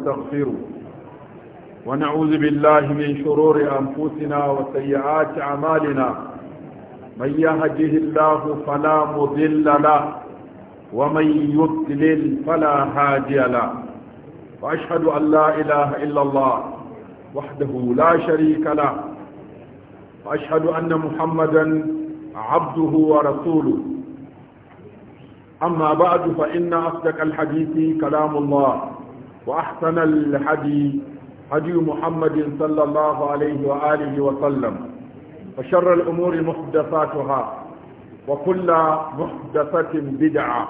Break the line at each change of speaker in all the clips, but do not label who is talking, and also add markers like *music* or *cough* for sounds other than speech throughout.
ونستغفره ونعوذ بالله من شرور أنفسنا وسيئات أعمالنا من يهده الله فلا مضل له ومن يضلل فلا هادي له وأشهد أن لا إله إلا الله وحده لا شريك له وأشهد أن محمدا عبده ورسوله أما بعد فإن أصدق الحديث كلام الله وأحسن الحدي هدي محمد صلى الله عليه وآله وسلم وشر الأمور محدثاتها وكل محدثة بدعة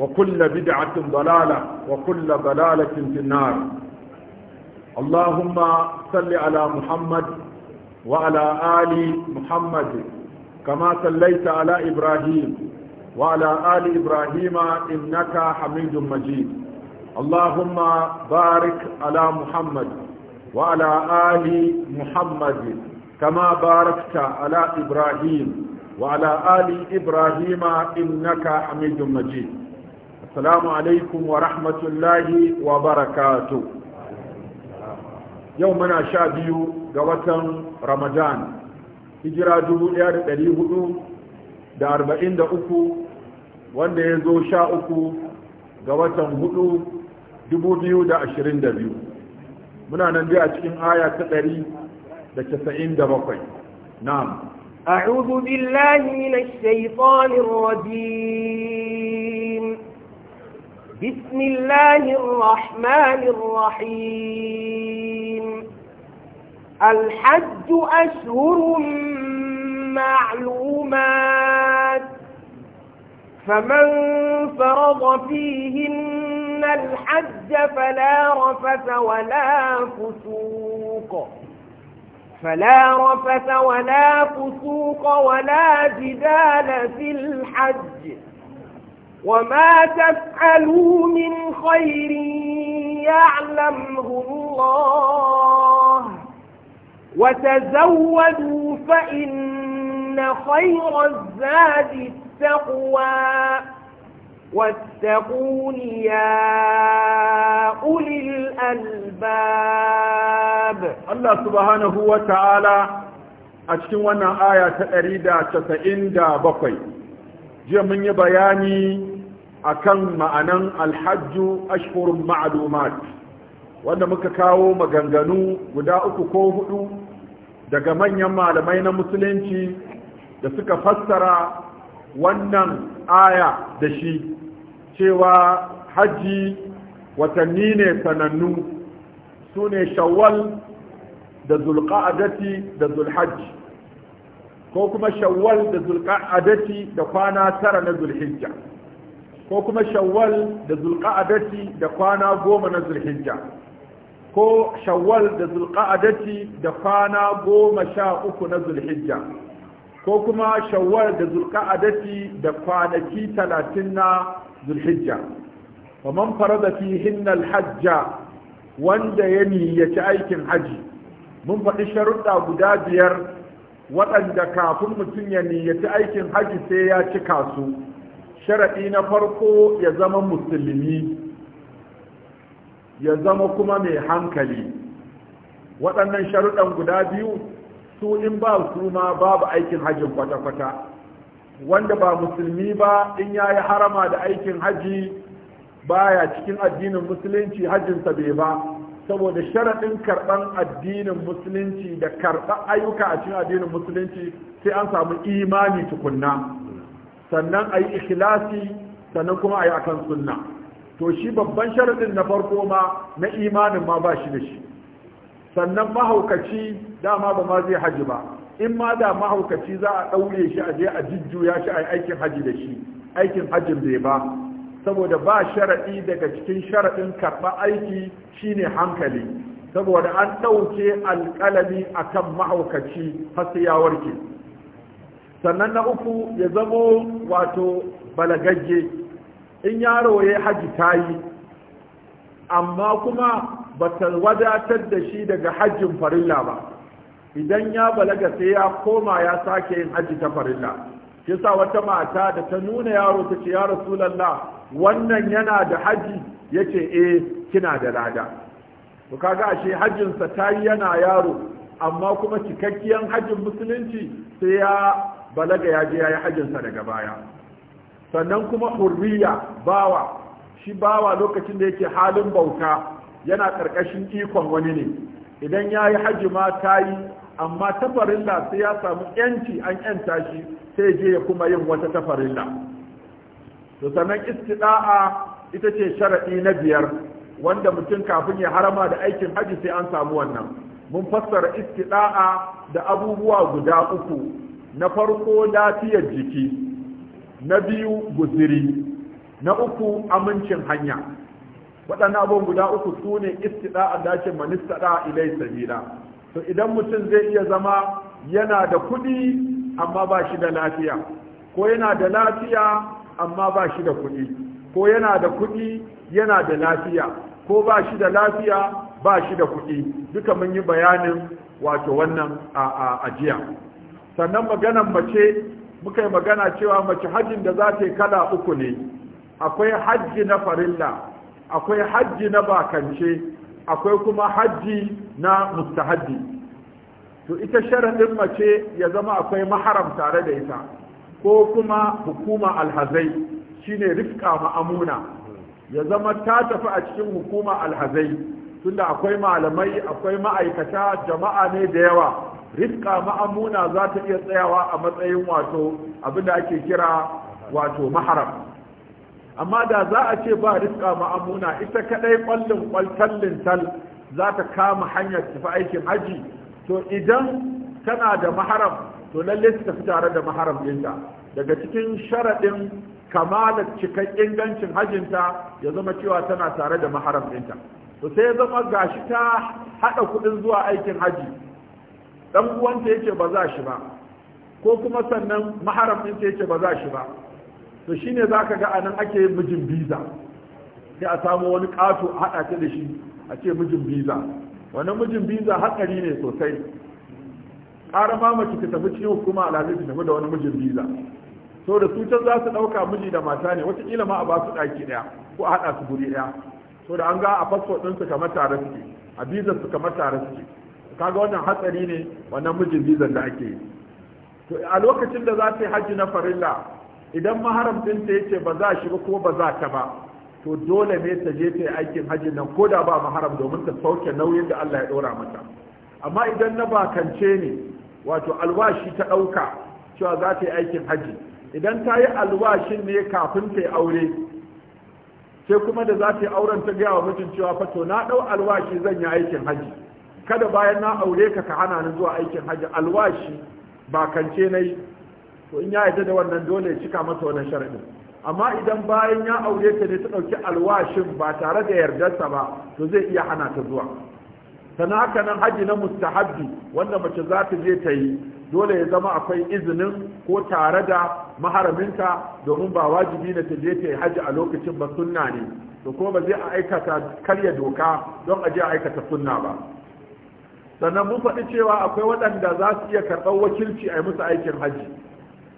وكل بدعة ضلالة وكل ضلالة في النار اللهم صل على محمد وعلى آل محمد كما صليت على إبراهيم وعلى آل إبراهيم إنك حميد مجيد اللهم بارك على محمد وعلى آل محمد كما باركت على إبراهيم وعلى آل إبراهيم إنك حميد مجيد السلام عليكم ورحمة الله وبركاته يومنا شابي قوة رمضان هجرة جبوليار دليه da arba'in da uku wanda ya zo sha uku ga watan hudu 2022 muna nan dai a cikin aya ta 197 na'am
أعوذ بالله من الشيطان الرجيم بسم الله الرحمن الرحيم الحج أشهر معلومات فمن فرض فيهن الحج فلا رفث ولا فسوق فلا رفث ولا فسوق ولا جدال في الحج وما تفعلوا من خير يعلمه الله وتزودوا فإن خير الزاد التقوى واتقون يا أولي الألباب
الله سبحانه وتعالى أشكي وانا آية تأريدة jiya دا بقي bayani بياني kan ma'anan alhajju ashhurun ma'lumat wanda muka kawo maganganu guda uku ko hudu daga manyan malamai na musulunci da suka fassara wannan aya da shi cewa hajji watanni ne sanannu su ne shawwal da zulqa'adati da zulhajji ko kuma shawwal da zulqa'adati da kwana tara na zulhijja ko kuma shawwal da zulqa'adati da kwana goma na zulhijja ko shawwal da zulqa'adati da kwana goma sha uku na zulhijja ko kuma shawwal da datti da kwanaki talatin na zulhijja wa man farada fihin alhajja wanda ya niyyaci aikin haji mun faɗi sharuɗa guda biyar waɗanda kafin mutum ya niyyaci aikin haji sai ya cika su sharaɗi na farko ya zama musulmi ya zama kuma mai hankali waɗannan sharuɗan guda biyu su in ba su ma babu aikin hajjin kwata-kwata wanda ba musulmi ba in ya yi harama da aikin hajji baya cikin addinin musulunci hajjinsa bai ba saboda sharaɗin karɓar addinin musulunci da karɓar ayyuka a cikin addinin musulunci sai an samu imani tukunna sannan ayi yi ikhlasi sannan kuma ayi akan sunna to shi babban sharaɗin na farko ma na imanin ma ba shi da shi sannan mahaukaci dama ba ma zai haji ba in ma da mahaukaci za a ɗaure shi a je a jujjuya shi a yi aikin haji da shi aikin hajin bai ba saboda ba sharaɗi daga cikin sharaɗin karɓa aiki shine hankali saboda an ɗauke alƙalami a kan mahaukaci har ya warke sannan na uku ya zamo wato balagagge in yaro ya haji ta yi. amma kuma ba ta wadatar da shi daga hajjin farilla ba idan ya balaga sai ya koma ya sake yin hajji ta farilla shi sa wata mata da ta nuna yaro ta ce ya rasulallah wannan yana da hajji yace e, eh, kina da lada to kaga ashe hajjinsa ta yi yana yaro amma kuma cikakkiyan hajjin musulunci sai ya balaga ya je ya yi hajjinsa daga baya sannan kuma hurriya bawa shi bawa lokacin da yake halin bauta yana ƙarƙashin ikon wani ne idan ya yi hajji ma ta yi amma tafarilla sai ya samu yanci an yanta shi sai je ya kuma yin wata tafarilla to sannan istida'a ita ce sharaɗi na biyar wanda mutum kafin ya harama da aikin hajji sai an samu wannan mun fassara istida'a da abubuwa guda uku na farko lafiyar jiki na biyu guziri na uku amincin hanya waɗannan abubuwan guda uku su ne istiɗa a dakin manista ɗa ilai sabila to idan mutum zai iya zama yana da kuɗi amma ba shi da lafiya ko yana da lafiya amma ba shi da kuɗi ko yana da kuɗi yana da lafiya ko ba shi da lafiya ba shi da kuɗi duka mun yi bayanin wato wannan a ajiya sannan maganan mace muka yi magana cewa mace hajjin da za ta yi kala uku ne akwai hajji na farilla akwai hajji na bakance akwai kuma hajji na mustahaddi to ita sharaɗin mace ya zama akwai maharam tare da ita ko kuma hukuma alhazai shine rifka ma'amuna ya zama ta tafi a cikin hukuma alhazai tunda akwai malamai akwai ma'aikata jama'a ne da yawa rifka ma'amuna za ta iya tsayawa a matsayin wato abinda ake kira wato maharam amma da za a ce ba riska ma'amuna ita kadai kwallin kwaltan tal za ta kama hanyar tafi aikin haji to idan tana da maharam to lalle su tafi tare da maharam ɗinta daga cikin sharaɗin kamalar cikar ingancin hajinta ya zama cewa tana tare da maharam ɗinta to sai ya zama gashi ta haɗa kuɗin zuwa aikin haji ɗan uwanta yake ba za shi ba ko kuma sannan maharam ɗinta yake ba za shi ba to za ka ga anan ake yin mijin biza sai a samu wani kato hada ta da shi a ce mijin biza wannan mijin biza haɗari ne sosai ƙara ma mace ta tafi cikin hukuma alhazi ta tafi da wani mijin biza so da su can za su ɗauka miji da mata ne wataƙila ma a ba su ɗaki ɗaya ko a haɗa su guri ɗaya so da an ga a fasfo ɗin su kamar tare suke a bizar su kamar tare suke kaga wannan hatsari ne wannan mijin bizar da ake yi to a lokacin da za ta yi hajji na farilla idan maharam din ta yace ba za shi ba ko ba za ta ba to dole ne ta je ta yi aikin hajji nan ko da ba maharam domin ta sauke nauyin da Allah ya dora mata amma idan na bakance ne wato alwashi ta ɗauka cewa za ta yi aikin hajji idan ta yi alwashin ne kafin ta yi aure sai kuma da za ta yi auren ta gaya wa mutum cewa fa to na ɗau alwashi zan yi aikin hajji kada bayan na aure ka ka hana ni zuwa aikin hajji alwashi bakance na yi to in ya yarda da wannan dole ya cika masa wannan sharadi amma idan bayan ya aure ta ne ta ɗauki alwashin ba tare da yardarsa ba to zai iya hana ta zuwa sana haka nan haji na mustahabbi wanda mace za ta je ta yi dole ya zama akwai izinin ko tare da maharaminta domin ba wajibi na ta je ta yi haji a lokacin ba sunna ne to ko ba zai aikata karya doka don a je a aikata sunna ba sannan mun faɗi cewa akwai waɗanda za su iya karɓar wakilci a yi musu aikin haji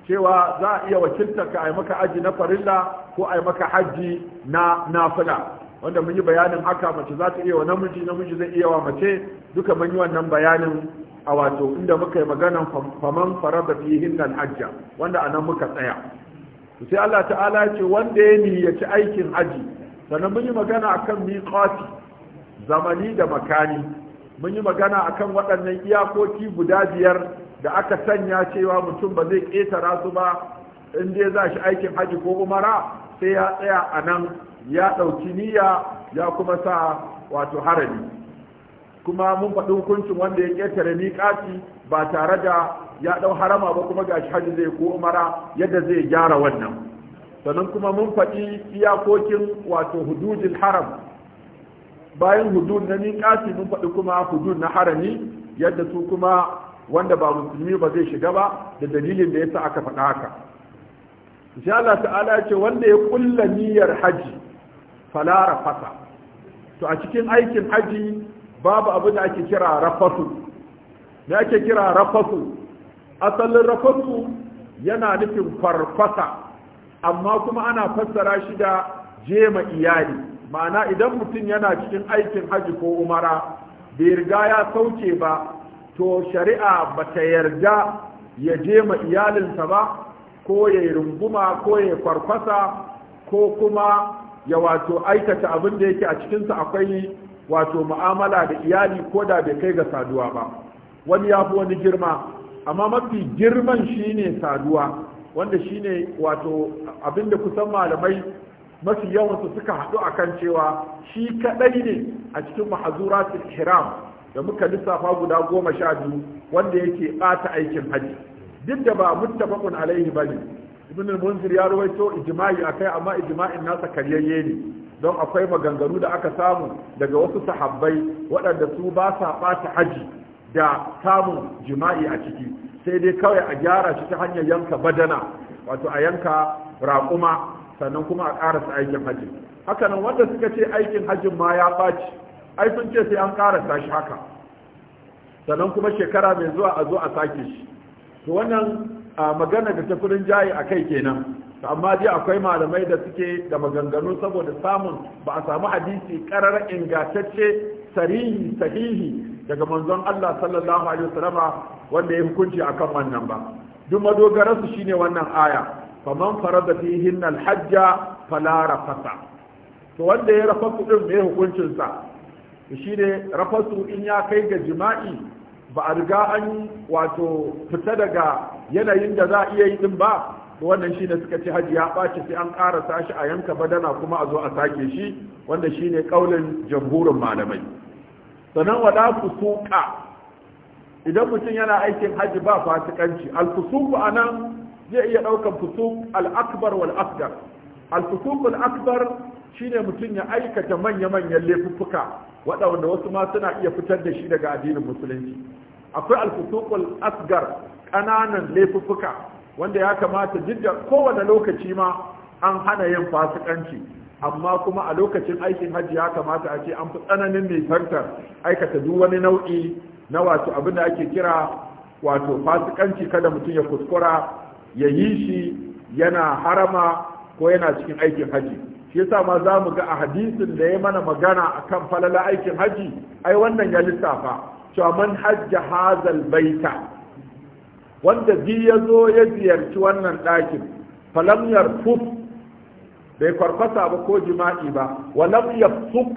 cewa za a iya wakiltar ka a maka aji na farilla ko a yi maka haji na nafila wanda mun yi bayanin haka mace za ta iya wa namiji namiji zai iya wa mace duka mun yi wannan bayanin a wato inda muka yi maganan faman farada fihin nan hajja wanda a nan muka tsaya sai Allah ta'ala ya ce wanda ya niyyaci aikin aji. sannan mun yi magana akan miqati zamani da makani mun yi magana akan waɗannan iyakoki guda biyar da aka sanya cewa mutum ba zai ƙetara su ba in dai za shi aikin haji ko umara sai ya tsaya a nan ya ɗauki niyya ya kuma sa wato harami kuma mun faɗi hukuncin wanda ya ƙetare miƙati ba tare da ya ɗau harama ba kuma gashi haji zai ko umara yadda zai gyara wannan sannan kuma mun faɗi iyakokin wato hududin haram bayan hudud na miƙati mun faɗi kuma hudud na harami yadda su kuma wanda ba musulmi ba zai shiga ba da dalilin da ya sa aka faɗa haka insha Allah ta'ala ce wanda ya kulla niyyar haji fala rafasa to a cikin aikin haji babu abu da ake kira rafasu me ake kira rafasu asalin rafasu yana nufin farfasa amma kuma ana fassara shi da jema iyali ma'ana idan mutum yana cikin aikin haji ko umara bai riga ya sauke ba to shari'a ba ta yarda ya je ma iyalinsa ba ko ya yi runguma ko ya yi kwarkwasa ko kuma ya wato aikata abin da yake a cikinsa akwai wato mu'amala da iyali ko da bai kai ga saduwa ba wani ya fi wani girma amma mafi girman shine saduwa wanda shine wato abin da kusan malamai mafi yawansu suka haɗu a kan cewa shi kaɗai ne a cikin mahazura ihram da muka lissafa guda goma sha biyu wanda yake ɓata aikin haji duk da ba muttafaqun alaihi bane ibn al-munzir ya rawaito ijma'i akai amma ijma'in nasa karyayye ne don akwai maganganu da aka samu daga wasu sahabbai waɗanda su ba sa ɓata haji da samun jima'i a ciki sai dai kawai a gyara shi ta hanyar yanka badana wato a yanka raƙuma sannan kuma a ƙarasa aikin hajji hakanan wanda suka ce aikin hajjin ma ya ɓaci ai sun ce sai an karasa shi haka sannan kuma shekara mai zuwa a zo a sake shi to wannan magana da ta kudin jayi a kai kenan amma dai akwai malamai da suke da maganganu saboda samun ba a samu hadisi karar ingantacce sarihi sahihi daga manzon Allah sallallahu alaihi wasallama wanda ya hukunci akan wannan ba duk madogararsu shine wannan aya faman farada fihin fa fala rafata to wanda ya rafa kudin mai hukuncin sa shi ne rafasu in ya kai ga jima'i ba a riga an wato fita daga yanayin da za a iya yi din ba wannan shi ne suka ci haji ya ɓaci sai an ƙara shi a yanka ba dana kuma a zo a sake shi wanda shi ne ƙaunin jamhurin malamai sannan wada fusuka idan mutum yana aikin hajji ba fasikanci alfusuku a nan zai iya ɗaukar fusuk al'akbar wal alfusukul akbar shine mutum ya aikata manya-manyan laifuffuka waɗanda wasu ma suna iya fitar da shi daga addinin musulunci akwai alfusukul asgar ƙananan laifuffuka wanda ya kamata jidda kowane lokaci ma an hana yin fasikanci amma kuma a lokacin aikin hajji ya kamata a ce an fi tsananin nisantar aikata duk wani nau'i na wato abin da ake kira wato fasikanci kada mutum ya kuskura ya yi shi yana harama ko yana cikin aikin haji shi yasa ma za mu ga a hadisin da ya mana magana akan falala aikin haji ai wannan ya lissafa cewa man hajja hazal baita wanda bi ya zo ya ziyarci wannan ɗakin falam yarfuf bai farfasa ba ko jima'i ba walam yafsuk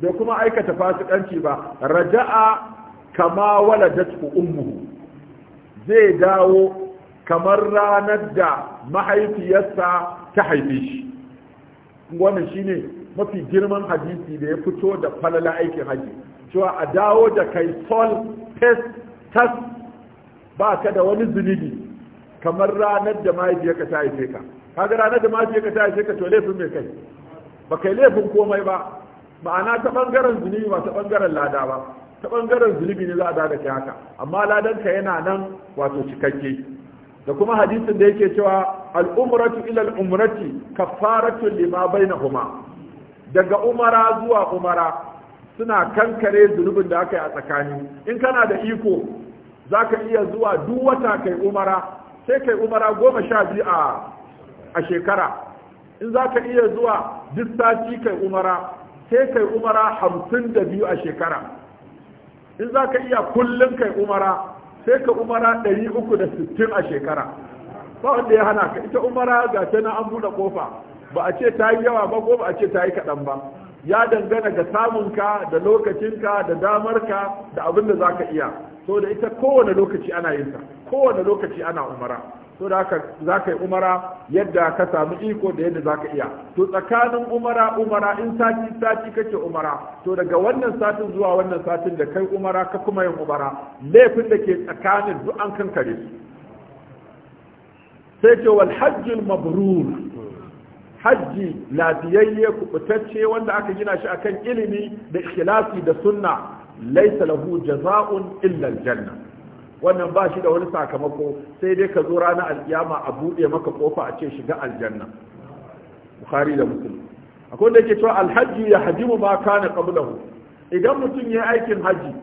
bai kuma aikata fasikanci ba raja'a kama waladatu ummuhu zai dawo kamar ranar da mahaifiyarsa ta haife shi wannan shine mafi girman hadisi da ya fito da falala aikin haji cewa a dawo da kai sol test tas ba ka da wani zunubi kamar ranar da mahaifiyarka ta haife ka kaga ranar da mahaifiyarka ta haife ka to laifin mai kai ba kai laifin komai ba ma'ana ta bangaren zunubi ba ta bangaren lada ba ta bangaren zunubi ne za a da kai haka amma ladanka yana nan wato cikakke da kuma hadisin da yake cewa al'umratu ila umrati kafaratun lima bainahuma daga umara zuwa umara suna kankare zunubin da aka yi a tsakani in kana da iko za ka iya zuwa duk wata kai umara sai kai umara goma sha biyu a shekara in za ka iya zuwa duk sati kai umara sai kai umara hamsin da biyu a shekara in za ka iya kullum kai umara sai ka umara ɗari uku da sittin a shekara ba wanda ya hana ka ita umara ga ta na an buɗe kofa ba a ce ta yi yawa ba ko ba a ce ta yi kaɗan ba ya dangana ga samunka da lokacinka da damarka da abin da za ka iya so da ita kowane lokaci ana yin ta kowane lokaci ana umara so da haka za ka yi umara yadda ka samu iko da yadda za ka iya to tsakanin umara umara in sati sati kake umara to daga wannan satin zuwa wannan satin da kai umara ka kuma yin umara laifin da ke tsakanin duk an kankare su sai ce wal hajjul mabrur hajji lafiyayye kubutacce wanda aka gina shi akan ilimi da ikhlasi da sunna laysa lahu jaza'un illa aljanna wannan ba shi da wani sakamako sai dai ka zo ranar alkiyama a buɗe maka kofa a ce shiga aljanna bukhari da muslim akwai da yake cewa alhaji ya hadimu ma kana qablahu idan mutum ya aikin haji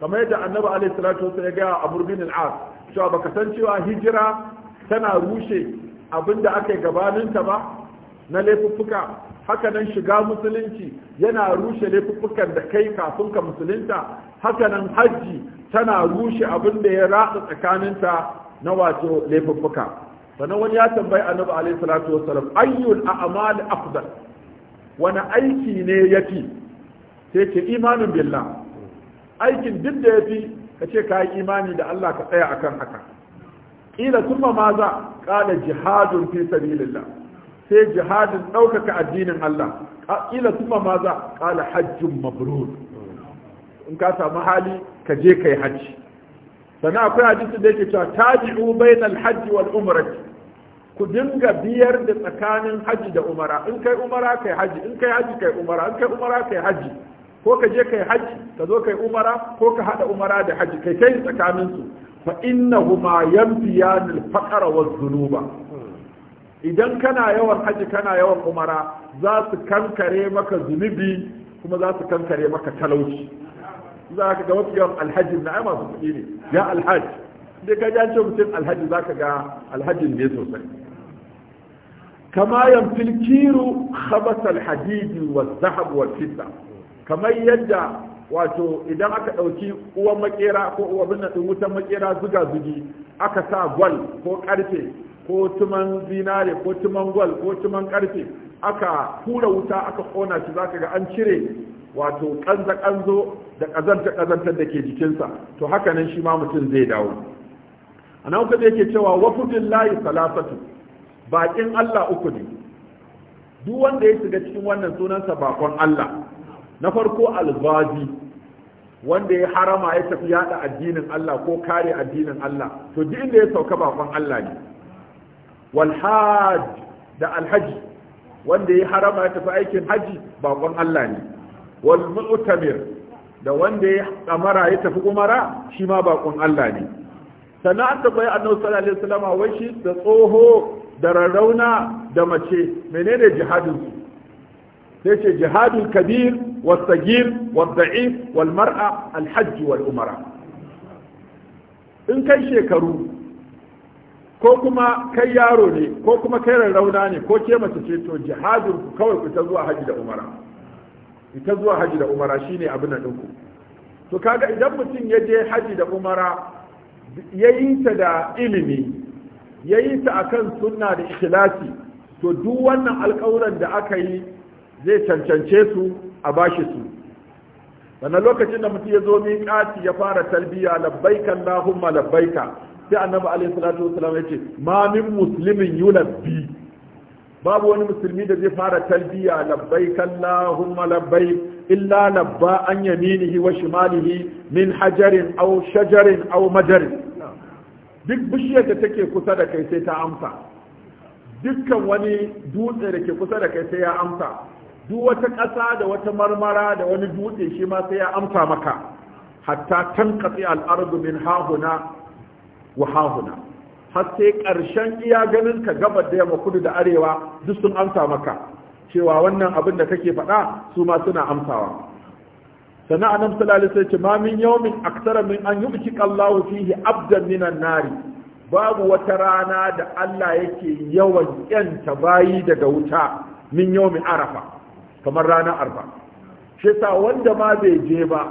kamar yadda annabi alayhi salatu wasallam ya ga a bin al-as cewa baka san cewa hijira tana rushe abinda aka yi ta ba na laifuffuka hakanan shiga musulunci yana rushe laifukan da kai kafin ka musulunta hakanan hajji tana rushe abin da ya ratsa tsakaninta na wato laifuka. sannan wani ya tambayi annabi alaihi salatu wassalam ayyul a'mal afdal wani aiki ne yafi sai ce imanin billah aikin duk da yafi kace ka yi imani da Allah ka tsaya akan haka ila kuma maza qala jihadun fi sabilillah sai jihadin ɗaukaka addinin Allah ƙila kuma maza ƙala hajjin mabrur in ka samu hali ka je kai hajji sannan akwai hadisi da yake cewa tabi'u bainal hajji wal ku dinga biyar da tsakanin hajji da umara in kai umara kai hajji in kai hajji kai umara in kai umara kai hajji ko ka je kai hajji ka zo kai umara ko ka hada umara da hajji kai kai tsakanin su fa innahuma yanfiyanil faqara waz zunuba idan kana yawan haji kana yawan umara za su kankare maka zunubi kuma za su kankare maka talauci za ka ga mafi yawan alhaji na masu kuɗi ne ya alhaji da ka ja ce mutum alhaji za ka ga alhaji ne sosai kama yamfil filkiru khabas alhadidi wa zahab wa fidda kamar yadda wato idan aka ɗauki uwan makera ko uwa bin wutan makera zuga zugi aka sa gwal ko karfe ko tuman zinare ko tuman gwal ko tuman karfe aka hura wuta aka kona shi zaka ga an cire wato kanza kanzo da kazanta kazantar da ke jikinsa to haka nan shi ma mutum zai dawo nan kuma yake cewa wa layi salasatu bakin Allah uku ne duk wanda ya shiga cikin wannan sunansa bakon Allah na farko albazi wanda ya harama ya tafi yada addinin Allah ko kare addinin Allah to duk inda ya sauka bakon Allah ne wal da alhaji wanda ya harama ya tafi aikin haji bakon Allah ne wal mu'tamir da wanda ya kamara ya tafi umara shi ma bakon Allah ne sannan an tabbai annabi sallallahu alaihi wasallam wai shi da tsoho da rarrauna da mace menene jihadin sai ce jihadul kabir was sagir was da'if wal mar'a al hajj wal umara in kai shekaru ko kuma kai yaro ne ko kuma kai rarrauna ne ko ke mace ce to jihadin ku kawai ku ta zuwa haji da umara ita zuwa haji da umara shine abin da ku. to kaga idan mutum ya je haji da umara ya yi ta da ilimi ya yi ta akan sunna da ikhlasi to duk wannan alƙawuran da aka yi zai cancance su a bashi su wannan lokacin da mutum ya zo min miƙati ya fara talbiya labbaika allahumma labbaika sai annabi alaihi salatu wasallam yace ma min muslimin yulabbi babu wani musulmi da zai fara talbiya labbai allahumma labbai, illa labba an yaminihi wa shimalihi min hajarin aw shajarin aw majarin duk bishiyar da take kusa da kai sai ta amsa dukkan wani dutse da ke kusa da kai sai ya amsa duk wata ƙasa da wata marmara da wani dutse shi ma sai ya amsa maka hatta tanqati al'ardu min hahuna wa har sai ƙarshen iya ganin ka gabar da yamma kudu da arewa duk sun amsa maka cewa wannan abin da kake faɗa su ma suna amsawa sannan anan sallallahu alaihi wasallam ma min yawmin min an yubtika Allahu fihi abdan minan nari babu wata rana da Allah yake yawan yanta bayi daga wuta min min arafa kamar rana arfa shi sa wanda ma bai je ba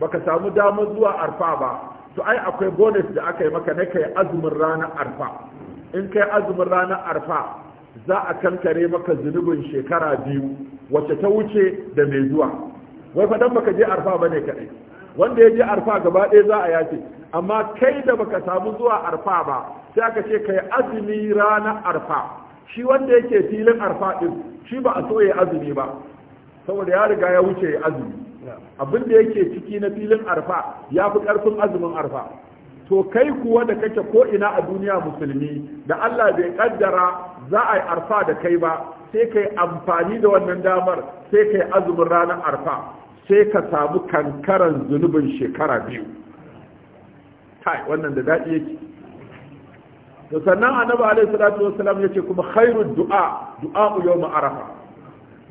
baka samu damar zuwa arfa ba to ai akwai bonus da aka yi maka na kai azumin ranar arfa in kai azumin ranar arfa za a kankare maka zunubin shekara biyu wacce ta wuce da mai zuwa wai fa dan baka je arfa bane kadai wanda ya je arfa gaba ɗaya za a yace amma kai da baka samu zuwa arfa ba sai aka ce kai azumi ranar arfa shi wanda yake filin arfa din shi ba a so ya azumi ba saboda ya riga ya wuce ya azumi abin da yake ciki na filin arfa ya fi ƙarfin azumin arfa to kai kuwa da kake ko ina a duniya musulmi da Allah bai kaddara za a yi arfa da kai ba sai kai amfani da wannan damar sai kai azumin ranar arfa sai ka samu kankaran zunubin shekara biyu kai wannan da daɗi yake to sannan annabi alaihi salatu wassalam yace kuma khairu du'a du'a yawm arafa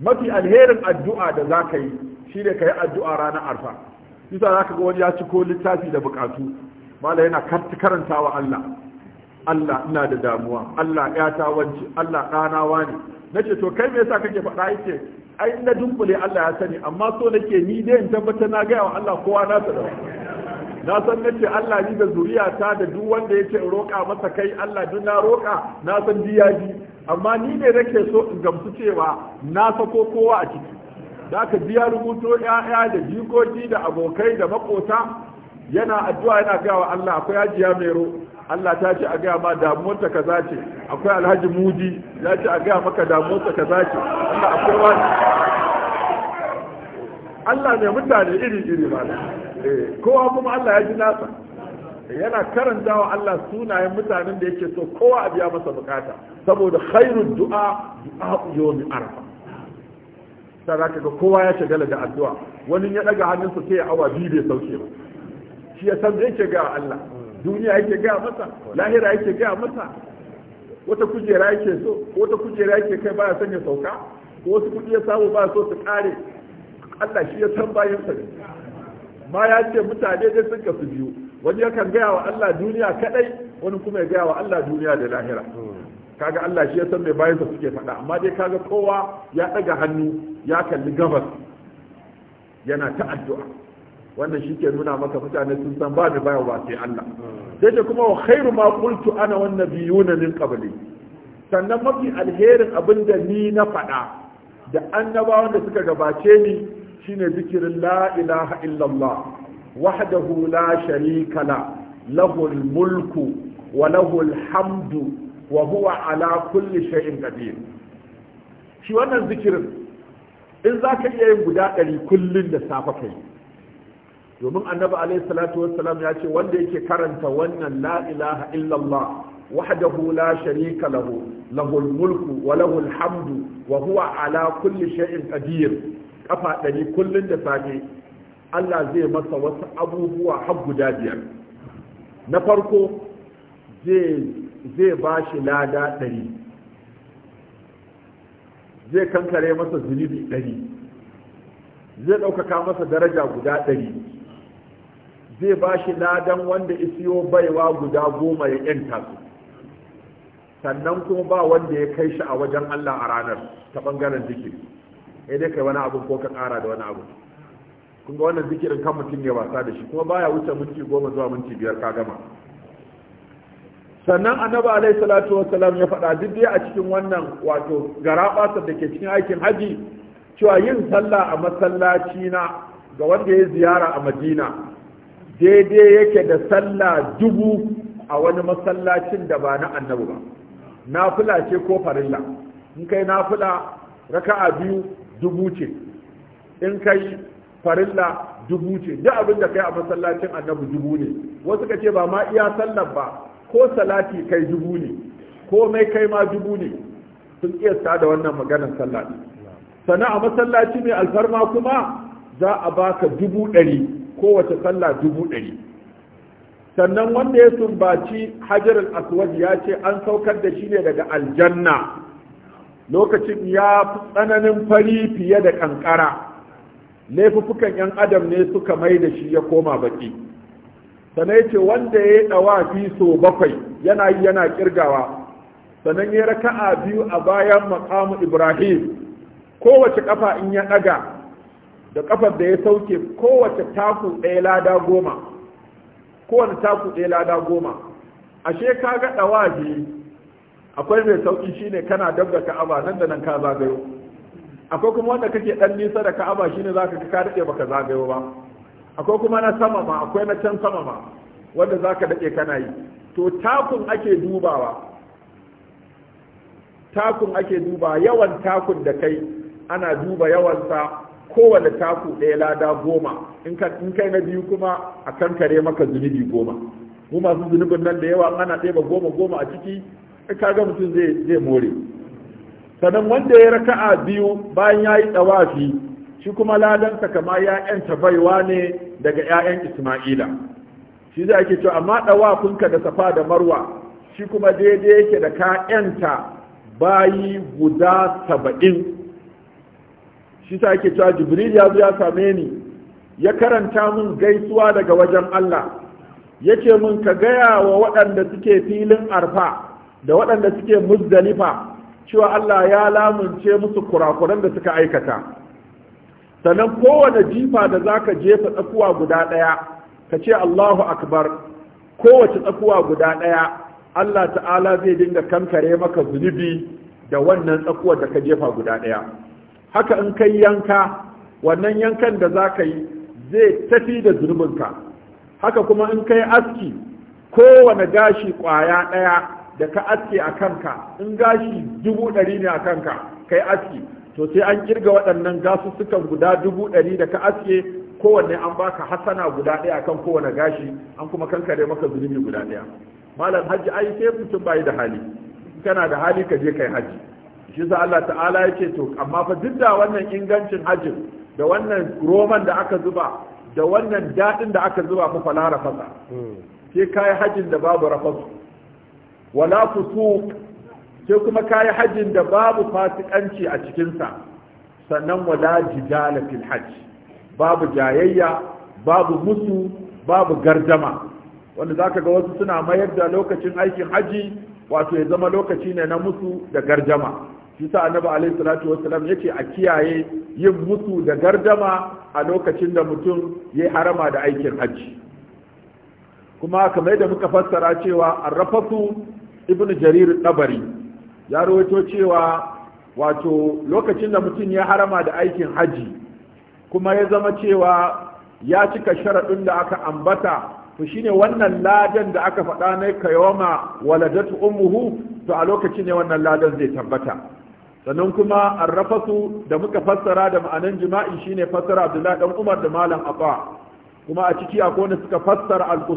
mafi alherin addu'a da zaka yi Shi ne ka yi addu'a ranar arfa bisa za ka ga wani ya ci ko littafi da bukatu mala yana karanta wa Allah Allah ina da damuwa Allah ya ta wance Allah ɗana wani ce to kai me yasa kake faɗa yake ai na dunkule Allah ya sani amma so nake ni dai in tabbata na gaya wa Allah kowa na sa na san na ce Allah ni da ta da duk wanda yake in roƙa masa kai Allah duk na roƙa na san ji ya ji amma ni ne nake so in gamsu cewa na sako kowa a ciki za ka biya rubuto ya'ya da jikoki da abokai da makota yana addu'a yana gaya wa Allah akwai haji ya mero Allah ta ce a gaya ma damuwarta za ce akwai alhaji muji ya ce a gaya maka damuwarta za ce Allah akwai wani Allah ne mutane iri iri ba eh, kowa kuma Allah ya ji nasa yana karanta wa Allah sunayen mutanen da yake so kowa a biya masa bukata saboda khairu du'a du'a yawmi arfa sai za ka ga kowa ya shagala da addu'a wani ya daga hannunsa sai ya awa biyu bai sauke ba shi ya san zai ke ga Allah duniya yake ga masa lahira yake ga masa wata kujera yake so wata kujera yake kai baya son ya sauka ko wasu kudi ya samu baya so su kare Allah shi ya san bayan sa ne ma ya ce mutane dai sun kasu biyu wani yakan gaya wa Allah duniya kadai wani kuma ya gaya wa Allah duniya da lahira kaga Allah shi ya san mai bayansa suke faɗa amma dai kaga kowa ya ɗaga hannu ya kalli gabas yana ta addu'a wannan shi ke nuna maka mutane sun san ba mai bayan ba sai Allah sai ce kuma wa khairu ma qultu ana wan nabiyuna min qabli sannan mafi alherin abin da ni na faɗa da annabawan da suka gabace ni shine zikirin la ilaha illallah wahdahu la sharika la lahul mulku wa lahul hamdu wa huwa ala kulli shay'in qadir shi wannan zikirin in za ka iya yin guda ɗari kullum da safe kai domin annabi alaihi salatu ya ce wanda yake karanta wannan la ilaha illallah wahdahu la sharika lahu wa lahul hamdu wa ala kulli shay'in qadir ƙafa ɗari kullun da safe Allah zai masa wasu abubuwa har guda biyar na farko zai zai ba shi lada ɗari zai kankare masa zunubi ɗari zai ɗaukaka masa daraja guda ɗari zai ba shi ladan wanda isiyo baiwa guda goma ya yanta su sannan kuma ba wanda ya kai shi a wajen Allah a ranar ta ɓangaren zikiri ya dai kai wani abu ko ka ƙara da wani abu kun ga wannan zikirin kan mutum ya wasa da shi kuma baya wuce minti goma zuwa minti biyar ka gama sannan annabi alaihi salatu wassalam ya faɗa duk dai a cikin wannan wato garaɓasa da ke cikin aikin haji cewa yin sallah a masallaci na ga wanda ya ziyara a madina daidai yake da sallah dubu a wani masallacin da ba na annabi ba nafila ce ko farilla in kai nafila raka'a biyu dubu ce in kai farilla dubu ce duk abin da kai a masallacin annabi dubu ne wasu ka ce ba ma iya sallar ba ko salati kai dubu ne ko mai kai ma dubu ne sun kiyasta da wannan maganar sallah sana a masallaci mai alfarma kuma za a baka dubu ɗari ko wace sallah dubu ɗari sannan wanda ya sumbaci hajar aswad ya ce an saukar da shi ne daga aljanna lokacin ya fi tsananin fari fiye da ƙanƙara. Laifufukan 'yan adam ne suka mai da shi ya koma baki sannan ya ce wanda ya yi ɗawafi so bakwai yana yi yana kirgawa sannan ya a biyu a bayan makamu ibrahim kowace kafa in ya ɗaga da kafar da ya sauke kowace taku ɗaya lada goma kowace taku ɗaya lada goma ashe ka ga ɗawafi akwai mai sauki shine kana dabda ka'aba nan da nan ka zagayo akwai kuma wanda kake ɗan nisa da ka'aba shine zaka ka daɗe baka zagayo ba akwai kuma na sama ma akwai na can sama ma wanda za ka daɗe kana yi to takun ake dubawa takun ake duba yawan takun da kai ana duba yawansa kowane taku ɗaya lada goma in kai na biyu kuma a kare maka zunubi goma mu masu zunubin nan da yawa ana ɗeba goma goma a ciki ka ga mutum zai more sannan wanda ya raka'a biyu bayan ya yi ɗawafi shi kuma ladansa kama ‘ya'yanta baiwa ne daga ‘ya'yan Ismaila. Shi za ake cewa amma ka da safa da marwa shi kuma daidai yake da kayanta bayi guda saba'in. Shi sa ake cewa Jibril ya zo ya same ni, ya karanta min gaisuwa daga wajen Allah, ya ce min ka gaya wa waɗanda suke filin arfa da waɗanda suke muzdalifa cewa Allah ya lamunce musu kurakuran da suka aikata. sannan kowane jifa da za ka jefa tsakuwa guda ɗaya ka ce allahu akbar kowace tsakuwa guda ɗaya allah ta'ala zai dinga kankare maka zunubi da wannan tsakuwar da ka jefa guda ɗaya haka in kai yanka wannan yankan da za ka yi zai tafi da zunubinka haka kuma in kai aski kowane gashi ƙwaya ɗaya da ka aske a kanka in gashi dubu ɗari ne a kanka kai aski to sai an kirga waɗannan gasu-gasu suka guda dubu ɗari da ka aske kowanne an baka hasana guda ɗaya akan kowane gashi an kuma kankare maka zunubi guda ɗaya malam hajji ai sai mutum bai da hali kana da hali ka je kai hajji shi sa Allah ta'ala yake to amma fa duk da wannan ingancin haji da wannan roman da aka zuba da wannan daɗin da aka zuba fa falara fasa, hmm. sai kai hajjin da babu rafasu wala fusuq sai kuma kayi hajjin da babu fasikanci a cikinsa sannan wala jidala fil hajj babu jayayya babu musu babu gardama wanda zaka ga wasu suna mayar da lokacin aikin haji wato ya zama lokaci ne na musu da gardama shi sa annabi alaihi salatu wassalam yace a kiyaye yin musu da gardama a lokacin da mutum ya harama da aikin haji kuma kamar yadda muka fassara cewa arrafatu ibnu jarir tabari ya rawaito cewa wato lokacin da mutum ya harama da aikin haji kuma ya zama cewa ya cika sharaɗin da aka ambata to shine wannan ladan da aka faɗa na kayoma waladatu ummuhu to a lokacin ne wannan ladan zai tabbata sannan kuma arrafasu da muka fassara da ma'anan jima'i shine fassara Abdullahi dan Umar da Malam Abba kuma a ciki akwai wanda suka fassara al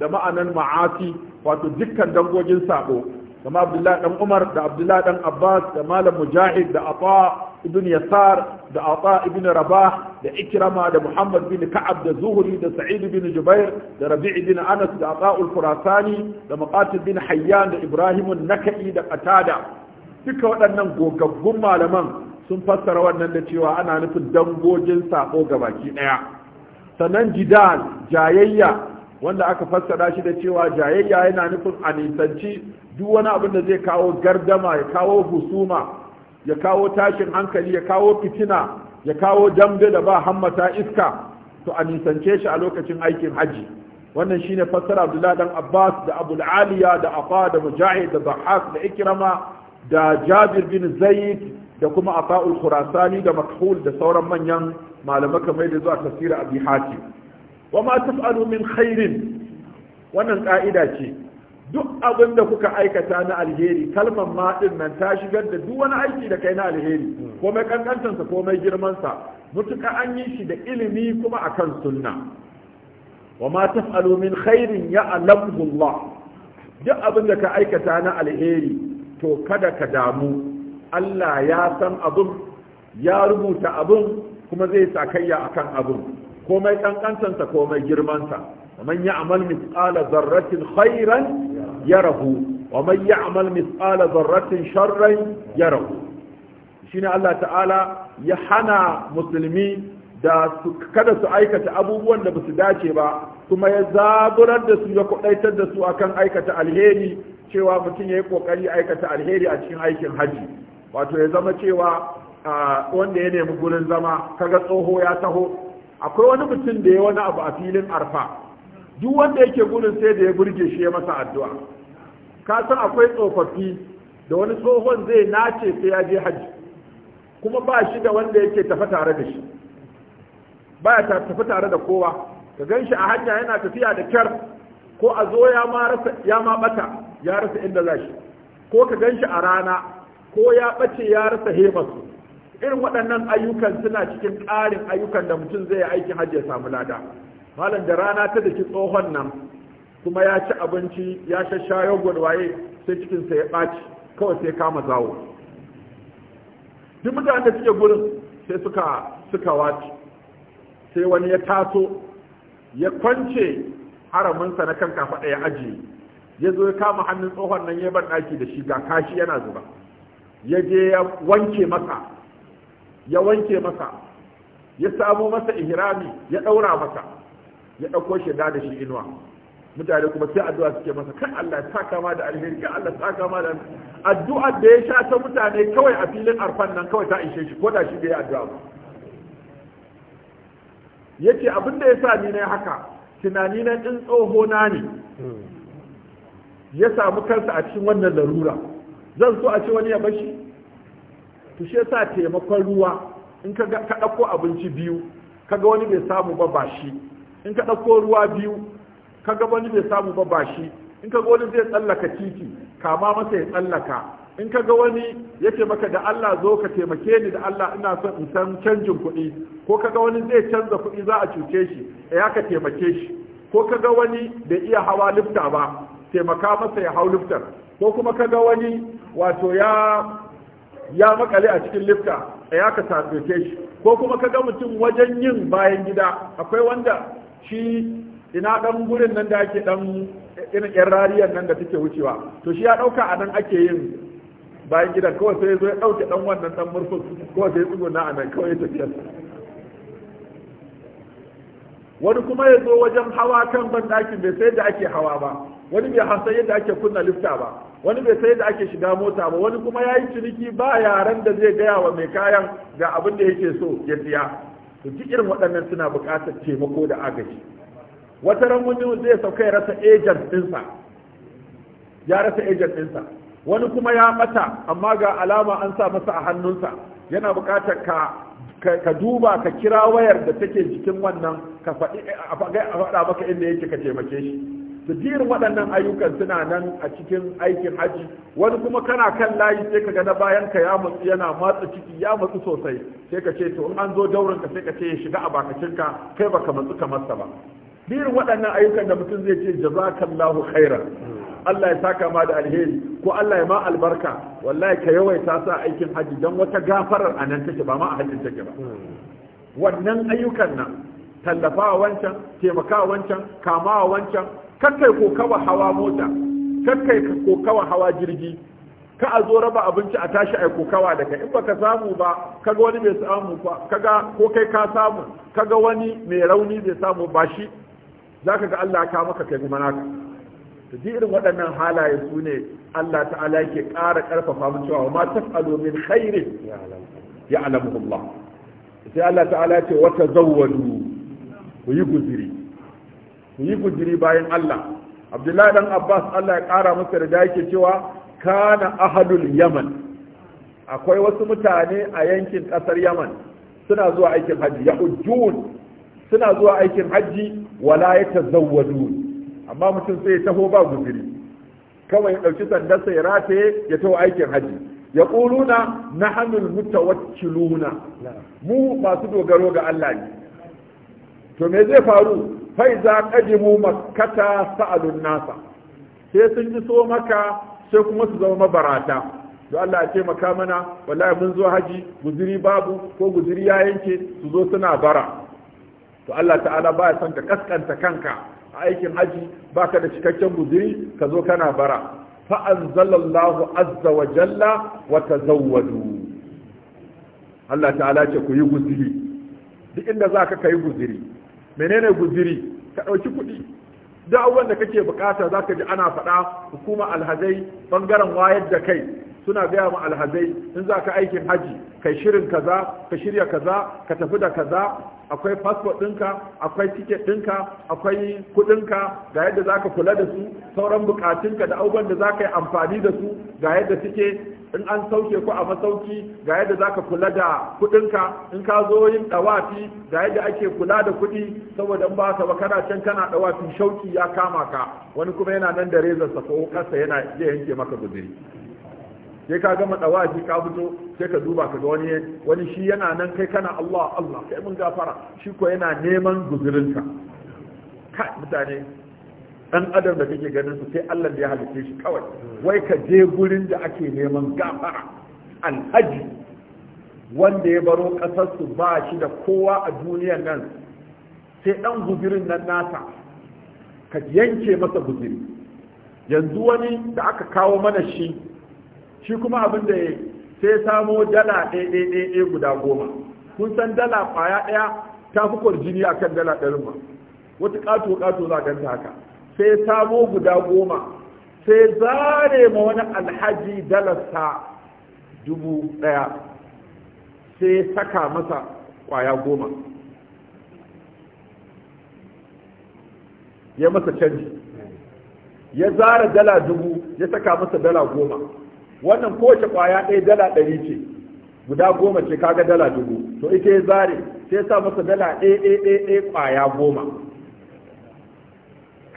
da ma'anan ma'asi wato dukkan dangogin sabo kama abdullahi dan umar da abdullahi dan abbas da malam mujahid da Afa ibn yasar da Afa ibn rabah da ikrama da muhammad bin ka'ab da Zuhuri da sa'id bin jubair da rabi'i bin anas da ata al-furasani da maqatil bin hayyan da ibrahim nakai da qatada duka waɗannan gogaggun malaman sun fassara wannan da cewa ana nufin dangogin sako gabaki ɗaya. sannan jidal jayayya wanda aka fassara shi da cewa jayayya yana nufin a nisanci duk wani abin da zai kawo gardama ya kawo husuma ya kawo tashin hankali ya kawo fitina ya kawo dambe da ba hammata iska to a nisance shi a lokacin aikin hajji wannan shine fassara Abdullah dan Abbas da Abul'aliya, Aliya da Afa da Mujahid da Bahas da Ikrama da Jabir bin Zaid da kuma Ata'ul Khurasani da Makhul da sauran manyan malamai kamar da zuwa tafsir Abi Hatim wa ma min khairin wannan ka'ida ce duk abin da kuka aikata na alheri kalmar ma nan ta shigar da duk wani aiki da kai na alheri mai kankantansa mai girmansa mutuka an yi shi da ilimi kuma akan sunna wa ma taf'alu min khairin ya'lamu Allah duk abin da ka aikata na alheri to kada ka damu Allah ya san abin ya rubuta abin kuma zai sakayya akan abin komai kankantansa komai girmansa man ya'mal mithqala dharratin khairan yarahu wa man ya'mal mithqala dharratin sharran yarahu shine Allah ta'ala ya hana musulmi da su kada su aikata abubuwan da basu dace ba kuma ya zaburar da su ya kudaitar da su akan aikata alheri cewa mutum ya yi kokari aikata alheri a cikin aikin haji wato ya zama cewa wanda ya nemi gurin zama kaga tsoho ya taho akwai wani mutum da ya wani abu a filin arfa duk wanda yake gurin sai da ya burge shi ya masa addu'a ka san akwai tsofaffi da wani tsohon zai nace sai ya je hajji kuma ba shi da wanda yake tafi tare da shi ba ya tafi tare da kowa ka gan shi a hanya yana tafiya da kyar ko a zo ya ma rasa ya ma bata ya rasa inda za shi ko ka gan shi a rana ko ya bace ya rasa hemarsu irin waɗannan ayyukan suna cikin ƙarin ayyukan da mutum zai yi aikin hajji ya samu lada malam da rana ta daki tsohon nan kuma ya ci abinci ya shasha yogurt waye sai cikinsa ya ɓaci kawai sai kama zawo duk mutane da suke gurin sai suka suka wace sai wani ya taso ya kwance haraminsa na kan kafa ya ajiye ya zo ya kama hannun tsohon nan ya ban ɗaki da shi ga kashi yana zuba ya je ya wanke masa ya wanke masa ya samo masa ihrami ya ɗaura masa ya ɗauko shi da shi inuwa mutane kuma sai addu'a suke masa kan Allah ya saka da alheri kan Allah ya saka ma da addu'a da ya sha ta mutane kawai a filin arfan nan kawai ta ishe shi ko da shi bai addu'a ba yace abin da ya sa ni ne haka tunani na din tsoho na ne ya samu kansa a cikin wannan larura zan so a ce wani ya bashi to shi yasa taimakon ruwa in ka ka dauko abinci biyu kaga wani bai samu ba ba shi in ka dauko ruwa biyu Ka ga wani bai samu ba ba shi in ga wani zai tsallaka titi kama masa ya tsallaka in kaga wani ya maka da Allah zo ka taimake ni da Allah ina son in san canjin kuɗi ko kaga wani zai canza kuɗi za a cuce shi ya eh, ka taimake shi ko kaga wani bai iya hawa lifta ba taimaka masa ya hau liftar ko kuma kaga wani wato ya ya makale a cikin lifta ya eh, ka taimake shi ko kuma ka ga mutum wajen yin bayan gida akwai wanda shi ina dan gurin nan da ake dan irin yan rariyar nan da take wucewa to shi ya dauka a nan ake yin bayan gidan kawai sai zo ya dauke dan wannan dan murfin kawai sai tsugo na anan kawai ya tafi wani kuma ya zo wajen hawa kan ban dakin bai sai da ake hawa ba wani bai hasa yadda ake kunna lifta ba wani bai sai da ake shiga mota ba wani kuma yayi ciniki ba yaran da zai gaya wa mai kayan ga abin da yake so ya siya to duk waɗannan suna buƙatar taimako da agaji wata ran wani zai sauka ya rasa agent dinsa. ya rasa agent ɗinsa wani kuma ya mata amma ga alama an sa masa a hannunsa yana buƙatar ka ka duba ka kira wayar da take jikin wannan ka faɗi a faɗa maka inda yake ka taimake shi su jirin waɗannan ayyukan suna nan a cikin aikin haji wani kuma kana kan layi sai ka ga na bayan ka ya matsu yana matsa ciki ya matsu sosai sai ka ce to an zo daurin ka sai ka ce ya shiga a bakacin ka kai baka matsu kamar sa ba birin waɗannan ayyukan da mutum zai ce jazakallahu khairan Allah ya saka ma da alheri ko Allah ya ma albarka wallahi ka yawaita sa aikin haji dan wata gafarar a nan take ba ma a hajjin take ba wannan ayyukan nan tallafa wancan taimaka wancan kama wancan kakkai ko kawa hawa mota kakkai ko kawa hawa jirgi ka a zo raba abinci a tashi ai kokawa daga kai in baka samu ba kaga wani bai samu ba kaga ko kai ka samu kaga wani mai rauni bai samu ba shi za ka ga Allah ya kawo maka kai kuma naka to duk irin waɗannan halaye su ne Allah ta'ala yake ƙara ƙarfafa mu cewa ma tas'alu min khairin ya alamu Allah sai Allah ta'ala ce wata zawwadu ku yi guziri ku yi guziri bayan Allah Abdullahi dan Abbas Allah ya ƙara masa da yake cewa kana ahadul yaman akwai wasu mutane a yankin ƙasar yaman suna zuwa aikin hajji ya hujjun suna zuwa aikin hajji wala ya tazawwadu amma mutum sai ya taho ba guziri kawai ya ɗauki sandarsa sai rataye ya taho aikin hajji ya ƙuluna na hannun mutawakkiluna mu masu dogaro ga Allah ne to me zai faru fai za ƙajimu makkata sa'adun nasa sai sun ji so maka sai kuma su zama mabarata to Allah ya taimaka mana wallahi mun zo haji guziri babu ko guziri ya yanke su zo suna bara to Allah ta'ala baya son ka kaskanta kanka a aikin haji ka da cikakken guziri ka zo kana bara fa'anzalallahu azza wa jalla wa tazawwadu Allah ta'ala ce ku yi guziri duk inda zaka kai guziri menene guziri ka ɗauki kuɗi Da abubuwan da kake bukata zaka ji ana faɗa hukuma alhazai bangaren wayar da kai suna gaya ma alhazai in za ka aikin haji kai shirin kaza ka shirya kaza ka tafi da kaza akwai passport ɗinka akwai ticket ɗinka akwai kuɗinka ga yadda za ka kula da su sauran bukatunka da abubuwan da za ka yi amfani da su ga yadda suke in an sauke ku a masauki ga yadda za ka kula da kuɗinka in ka zo yin ɗawafi ga yadda ake kula da kuɗi saboda in ba ka ba kana can kana ɗawafi shauki ya kama ka wani kuma yana nan da rezarsa ko kasa yana zai yanke maka guzuri sai ka gama dawaji ka fito sai ka duba ka ga wani wani shi yana nan kai kana Allah Allah kai mun gafara shi ko yana neman guzurinka ka mutane dan adam da kake ganin su sai Allah da ya halice shi kawai wai ka je gurin da ake neman gafara alhaji wanda ya baro kasar su ba shi da kowa a duniyan nan sai dan guzurin nan nasa ka yanke masa guzuri yanzu wani da aka kawo mana shi shi kuma abin da ya sai samo dala ɗaiɗaiɗaiɗai guda goma kun san dala ƙwaya ɗaya ta fi kwarjini a kan dala ɗarin ma wata ƙato ƙato za ganta haka sai samo guda goma sai zare ma wani alhaji dalarsa dubu ɗaya sai saka masa ƙwaya goma ya masa canji ya zara dala dubu ya saka masa dala goma wannan kowace kwaya ɗaya dala ɗari ce guda goma ce kaga dala dubu to ita ya zare sai sa masa dala ɗaya ɗaya ɗaya kwaya goma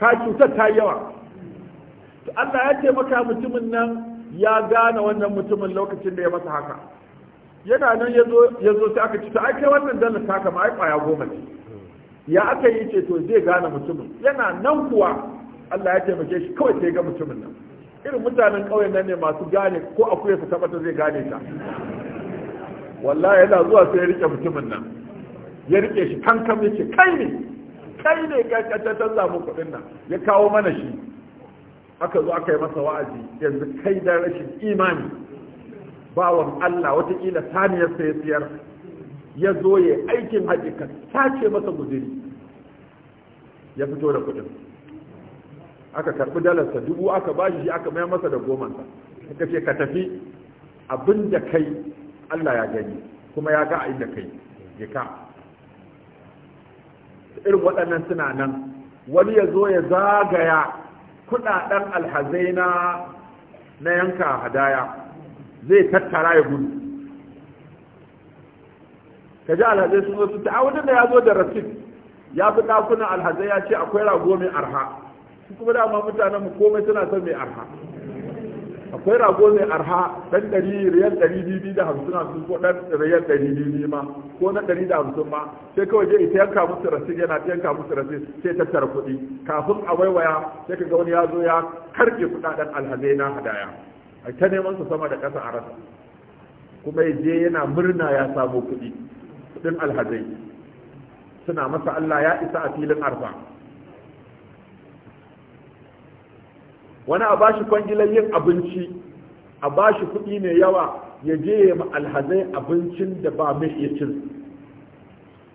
ka cutar ta yawa to Allah ya taimaka mutumin nan ya gane wannan mutumin lokacin da ya masa haka yana nan ya zo sai aka ci ta ake wannan dala ta kama ai kwaya goma ce ya aka yi ce to zai gane mutumin yana nan kuwa Allah ya taimake shi kawai sai ga mutumin nan irin mutanen ƙauyen nan ne masu gane ko akuya su tabbata zai gane ta wallahi yana zuwa sai ya rike mutumin nan ya rike shi kankan ya ce kai ne kai ne ga ta zamu kuɗin nan ya kawo mana shi aka zo aka yi masa wa'azi yanzu kai da rashin imani bawan Allah watakila saniyar sa ya siyar ya zo ya aikin hajji sace masa guziri ya fito da kuɗin aka karbi dalarsa dubu aka bashi shi aka mayar masa da goma aka ce ka tafi abin da kai Allah ya gani kuma ya ga a inda kai ya ka irin waɗannan suna nan wani ya zo ya zagaya kuɗaɗen alhazai na yanka hadaya zai tattara ya gudu ka ji alhazai sun zo su ta a da ya zo da rasid ya fi ɗakunan alhazai ya ce akwai rago mai arha kuma dama mutanen mu komai suna son mai arha akwai rago mai arha dan ɗari riyal ɗari bibi da hamsin hamsin ko dan riyal ɗari bibi ma ko na ɗari da hamsin ma sai kawai je ita yanka musu rasi yana ta yanka musu rasi sai tattara kuɗi kafin a waiwaya sai ka ga wani ya zo ya karɓe kuɗaɗen alhazai na hadaya a ta neman su sama da ƙasa a rasa kuma ya je yana murna ya samo kuɗi kuɗin alhazai suna masa Allah ya isa a filin arfa wani a bashi kwangilar yin abinci a bashi kuɗi mai yawa ya je ya ma alhazai abincin da ba mai iya cin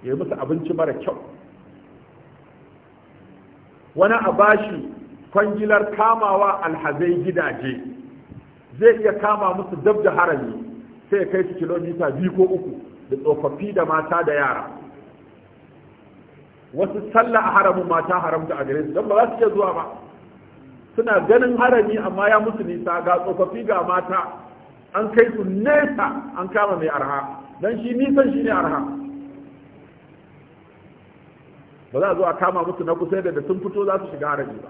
ya yi musu abinci mara kyau wani a bashi kwangilar kamawa alhazai gidaje zai iya kama musu dab da harami sai ya kai su kilomita biyu ko uku da tsofaffi da mata da yara wasu sallah a haramin mata haramta a gare su don ba za su ke zuwa ba suna ganin harami amma ya musu nisa ga tsofaffi ga mata an kai su nesa an kama mai arha don shi nisan shi ne arha ba za a zo a kama musu na kusa da sun fito za su shiga harami ba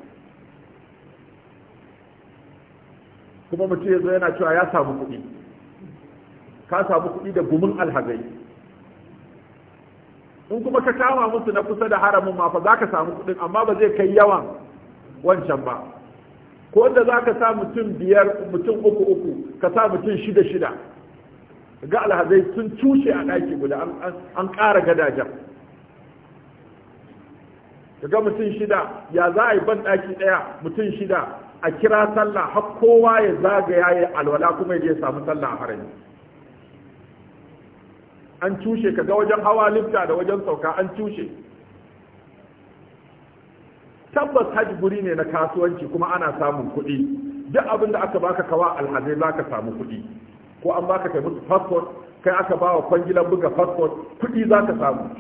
kuma mutum ya zo yana cewa ya samu kuɗi ka samu kuɗi da gumin alhazai in kuma ka kama musu na kusa da haramin ma fa za ka samu kuɗin amma ba zai kai yawan wancan ba ko wanda za ka sa mutum biyar mutum uku uku ka sa mutum shida shida ga alhazai sun cushe a ɗaki guda an ƙara gadajen ga mutum shida ya za a yi ban ɗaki ɗaya mutum shida a kira sallah har kowa ya zagaya ya alwala kuma ya samu sallah a harami an cushe ka ga wajen hawa lifta da wajen sauka an cushe tabbas Haji guri ne na kasuwanci kuma ana samun kuɗi duk abin da aka baka kawa alhaji za ka samu kuɗi ko an baka kai musu passport kai aka ba wa kwangilan buga passport kuɗi za ka samu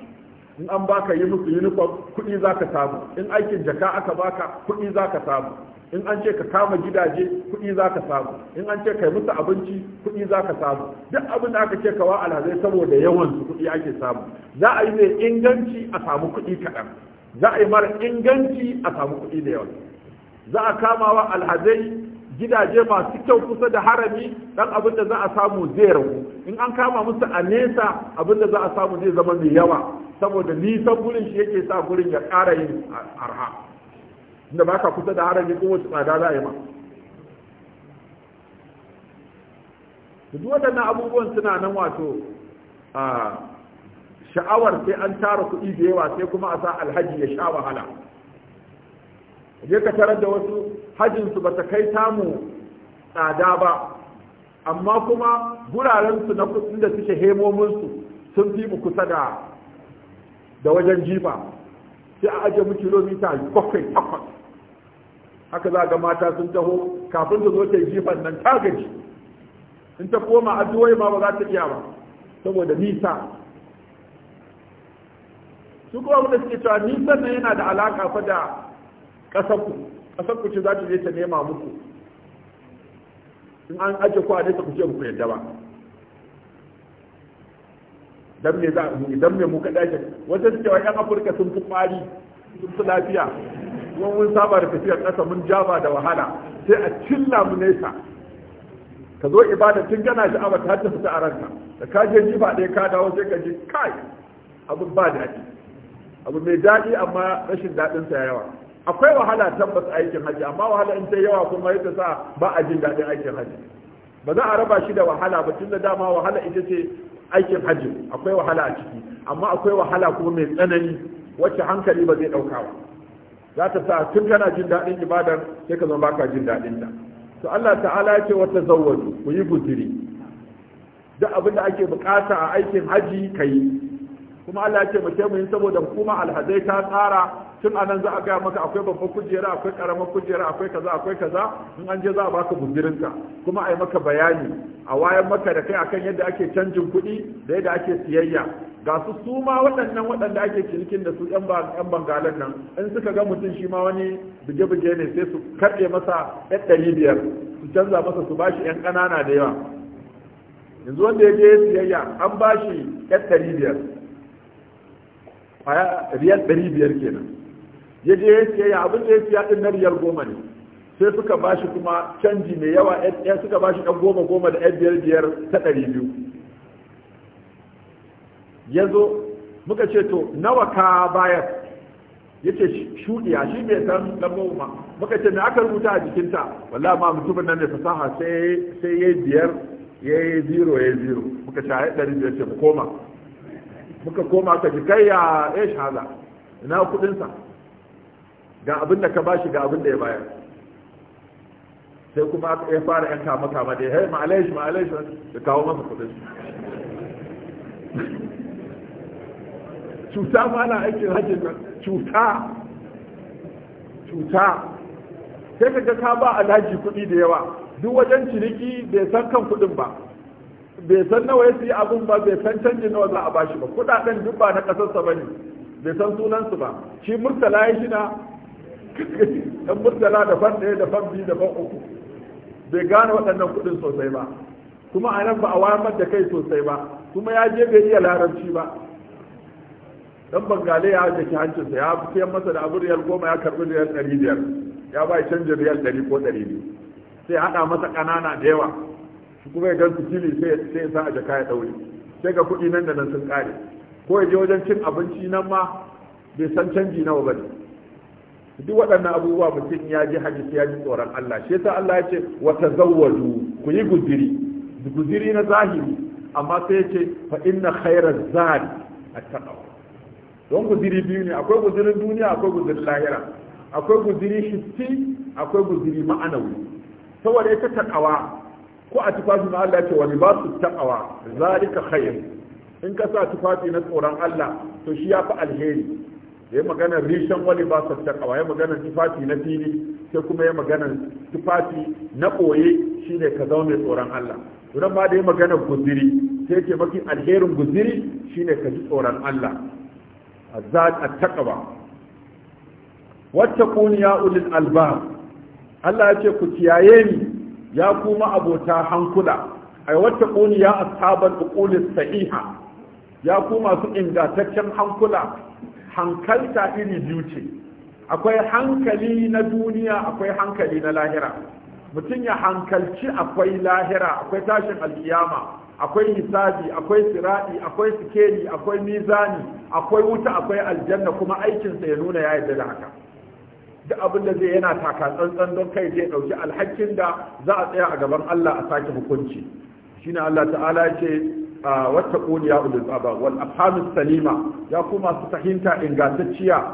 in an baka yi musu uniform kuɗi za ka samu in aikin jaka aka baka kuɗi za ka samu in an ce ka kama gidaje kuɗi za ka samu in an ce kai musu abinci kuɗi za ka samu duk abin da aka ce kawa alhaji saboda yawan su kuɗi ake samu za a yi mai inganci a samu kuɗi kaɗan za a yi mara inganci a samu kuɗi da yawa za a kama wa alhazai gidaje masu kyau kusa da harami dan abin da za a samu zai ragu in an kama musu a nesa abin da za a samu zai zama mai yawa saboda nisan gurin shi yake sa gurin ya ƙara yin arha inda ba ka kusa da harami ko wasu tsada za a yi ma duk waɗannan abubuwan suna nan wato ah, sha'awar sai an tara kuɗi da yawa sai kuma a sa alhaji ya sha wahala je ka tarar da wasu hajinsu ba ta kai tamu tsada ba amma kuma gurarensu na kudin da suke hemominsu sun fi mu kusa da da wajen jifa sai a aje mu kilomita bakwai takwas haka za ga mata sun taho kafin su zo ta jifan nan ta gaji in ta koma duwai ma ba za ta iya ba saboda nisa su kuma wanda suke cewa ni nan yana da alaka fa da ƙasarku ƙasarku ce za ta je ta nema muku in an aje ku a nesa ku ce ku yadda ba dan me za yi idan me mu kada shi wata suke wa yan afirka sun fi kwari sun fi lafiya kuma mun saba da tafiyar ƙasa mun jaba da wahala sai a cilla mu nesa ka zo ibada tun gana sha'awar ta ta fita a ranka da ka je jifa ɗaya ka dawo sai ka ji kai abin ba daɗi abu mai daɗi amma rashin daɗinsa sa yawa akwai wahala tabbas aikin hajji amma wahala in ta yawa kuma yadda sa ba a jin daɗin aikin hajji ba za a raba shi da wahala ba tun da dama wahala ita ce aikin hajji akwai wahala a ciki amma akwai wahala kuma mai tsanani wacce hankali ba zai ɗauka ba za ta sa tun kana jin daɗin ibadar sai ka zama baka jin daɗin ta to Allah ta'ala ya ce wata zawwaju ku yi guziri duk abin da ake bukata a aikin hajji ka yi kuma Allah ya ce mu kai mu saboda hukuma alhazai ta tsara tun anan za a gaya maka akwai babban kujera akwai karamar kujera akwai kaza akwai kaza in an je za a baka ka kuma a yi maka bayani a wayan maka da kai akan yadda ake canjin kuɗi da yadda ake siyayya ga su su ma waɗannan waɗanda ake cinikin da su ƴan bangalan nan in suka ga mutum shi ma wani buge-buge ne sai su karɓe masa yan ɗari biyar su canza masa su bashi yan ƙanana da yawa yanzu wanda ya je siyayya an bashi shi ɗari biyar kwaya riyal ɗari biyar kenan ya je ya siya abin da ya siya ɗin na riyal goma ne sai suka ba shi kuma canji mai yawa ya suka ba shi ɗan goma goma da ɗan biyar biyar ta ɗari biyu ya zo muka ce to nawa ka bayar ya ce shuɗiya shi mai san lamoma ma muka ce me aka rubuta a jikinta walla ma mutumin nan ne fasaha sai ya yi biyar ya yi zero ya yi zero muka ce a ɗari biyar ce mu koma muka koma ka ji kai ya ish haza ina kudinsa ga abin da ka bashi ga abin da ya bayar sai kuma ya fara yan kama kama da hey ma'alaish ma'alaish da kawo masa kudin cuta ma na aikin hajji na. cuta cuta sai ka ga ka ba alhaji kuɗi da yawa duk wajen ciniki bai san kan kuɗin ba bai san nawa ya siya abun ba bai san canjin nawa za a bashi ba kudaden duk ba na kasarsa ba ne bai san sunansu ba shi murtala ya shi na *laughs* ɗan murtala da fan ɗaya da fan biyu da fan uku bai gane waɗannan kuɗin sosai ba kuma a nan ba a wayar da kai sosai ba kuma ya je bai iya larabci ba dan bangale ya jaki hancinsa ya siyan masa da abu riyal goma ya karɓi riyal ɗari biyar ya ba canjin riyal ɗari ko ɗari biyu sai haɗa masa ƙanana da yawa kuma ya gansu fili sai ya sa a jaka ya daure sai ga kuɗi nan da nan sun ƙare ko ya je wajen cin abinci nan ma bai san canji nawa ba ne duk waɗannan abubuwa mutum ya ji hadisi ya ji tsoron Allah shi yasa Allah ya ce wa tazawwadu ku yi guziri guziri na zahiri amma sai ya ce fa inna khayra zadi at-taqwa don guziri biyu ne akwai guzirin duniya akwai guzirin lahira akwai guziri shitti akwai guziri ma'anawi saboda ita taqwa ko a tufafin Allah ce wani ba taɓawa za a rika hayan in ka sa tufafi na tsoron Allah to shi ya fi alheri ya magana wani ba su taɓawa, ya magana tufafi na fili sai kuma ya magana tufafi na ɓoye shine ka zama tsoron Allah idan ma da ya maganar guziri sai ke mafi alherin guziri shine ka ji tsoron Allah za a taɓawa. Wacce ya ulil albab Allah ya ce ku kiyaye ni ya kuma abota hankula ai wata kuni ya asaban uqulis sahiha ya kuma su ingantaccen hankula hankalta iri biyu ce akwai hankali na duniya akwai hankali na lahira mutum ya hankalci akwai lahira akwai tashin alkiyama akwai hisabi akwai siradi akwai sikeli akwai mizani akwai wuta akwai aljanna kuma aikinsa ya nuna ya yarda da haka duk abin da zai yana taka tsantsan don kai zai ɗauki alhakin da za a tsaya a gaban Allah a sake hukunci shi ne Allah ta'ala ce wata ya ulul aba wal afhamus salima ya kuma masu fahimta ingantacciya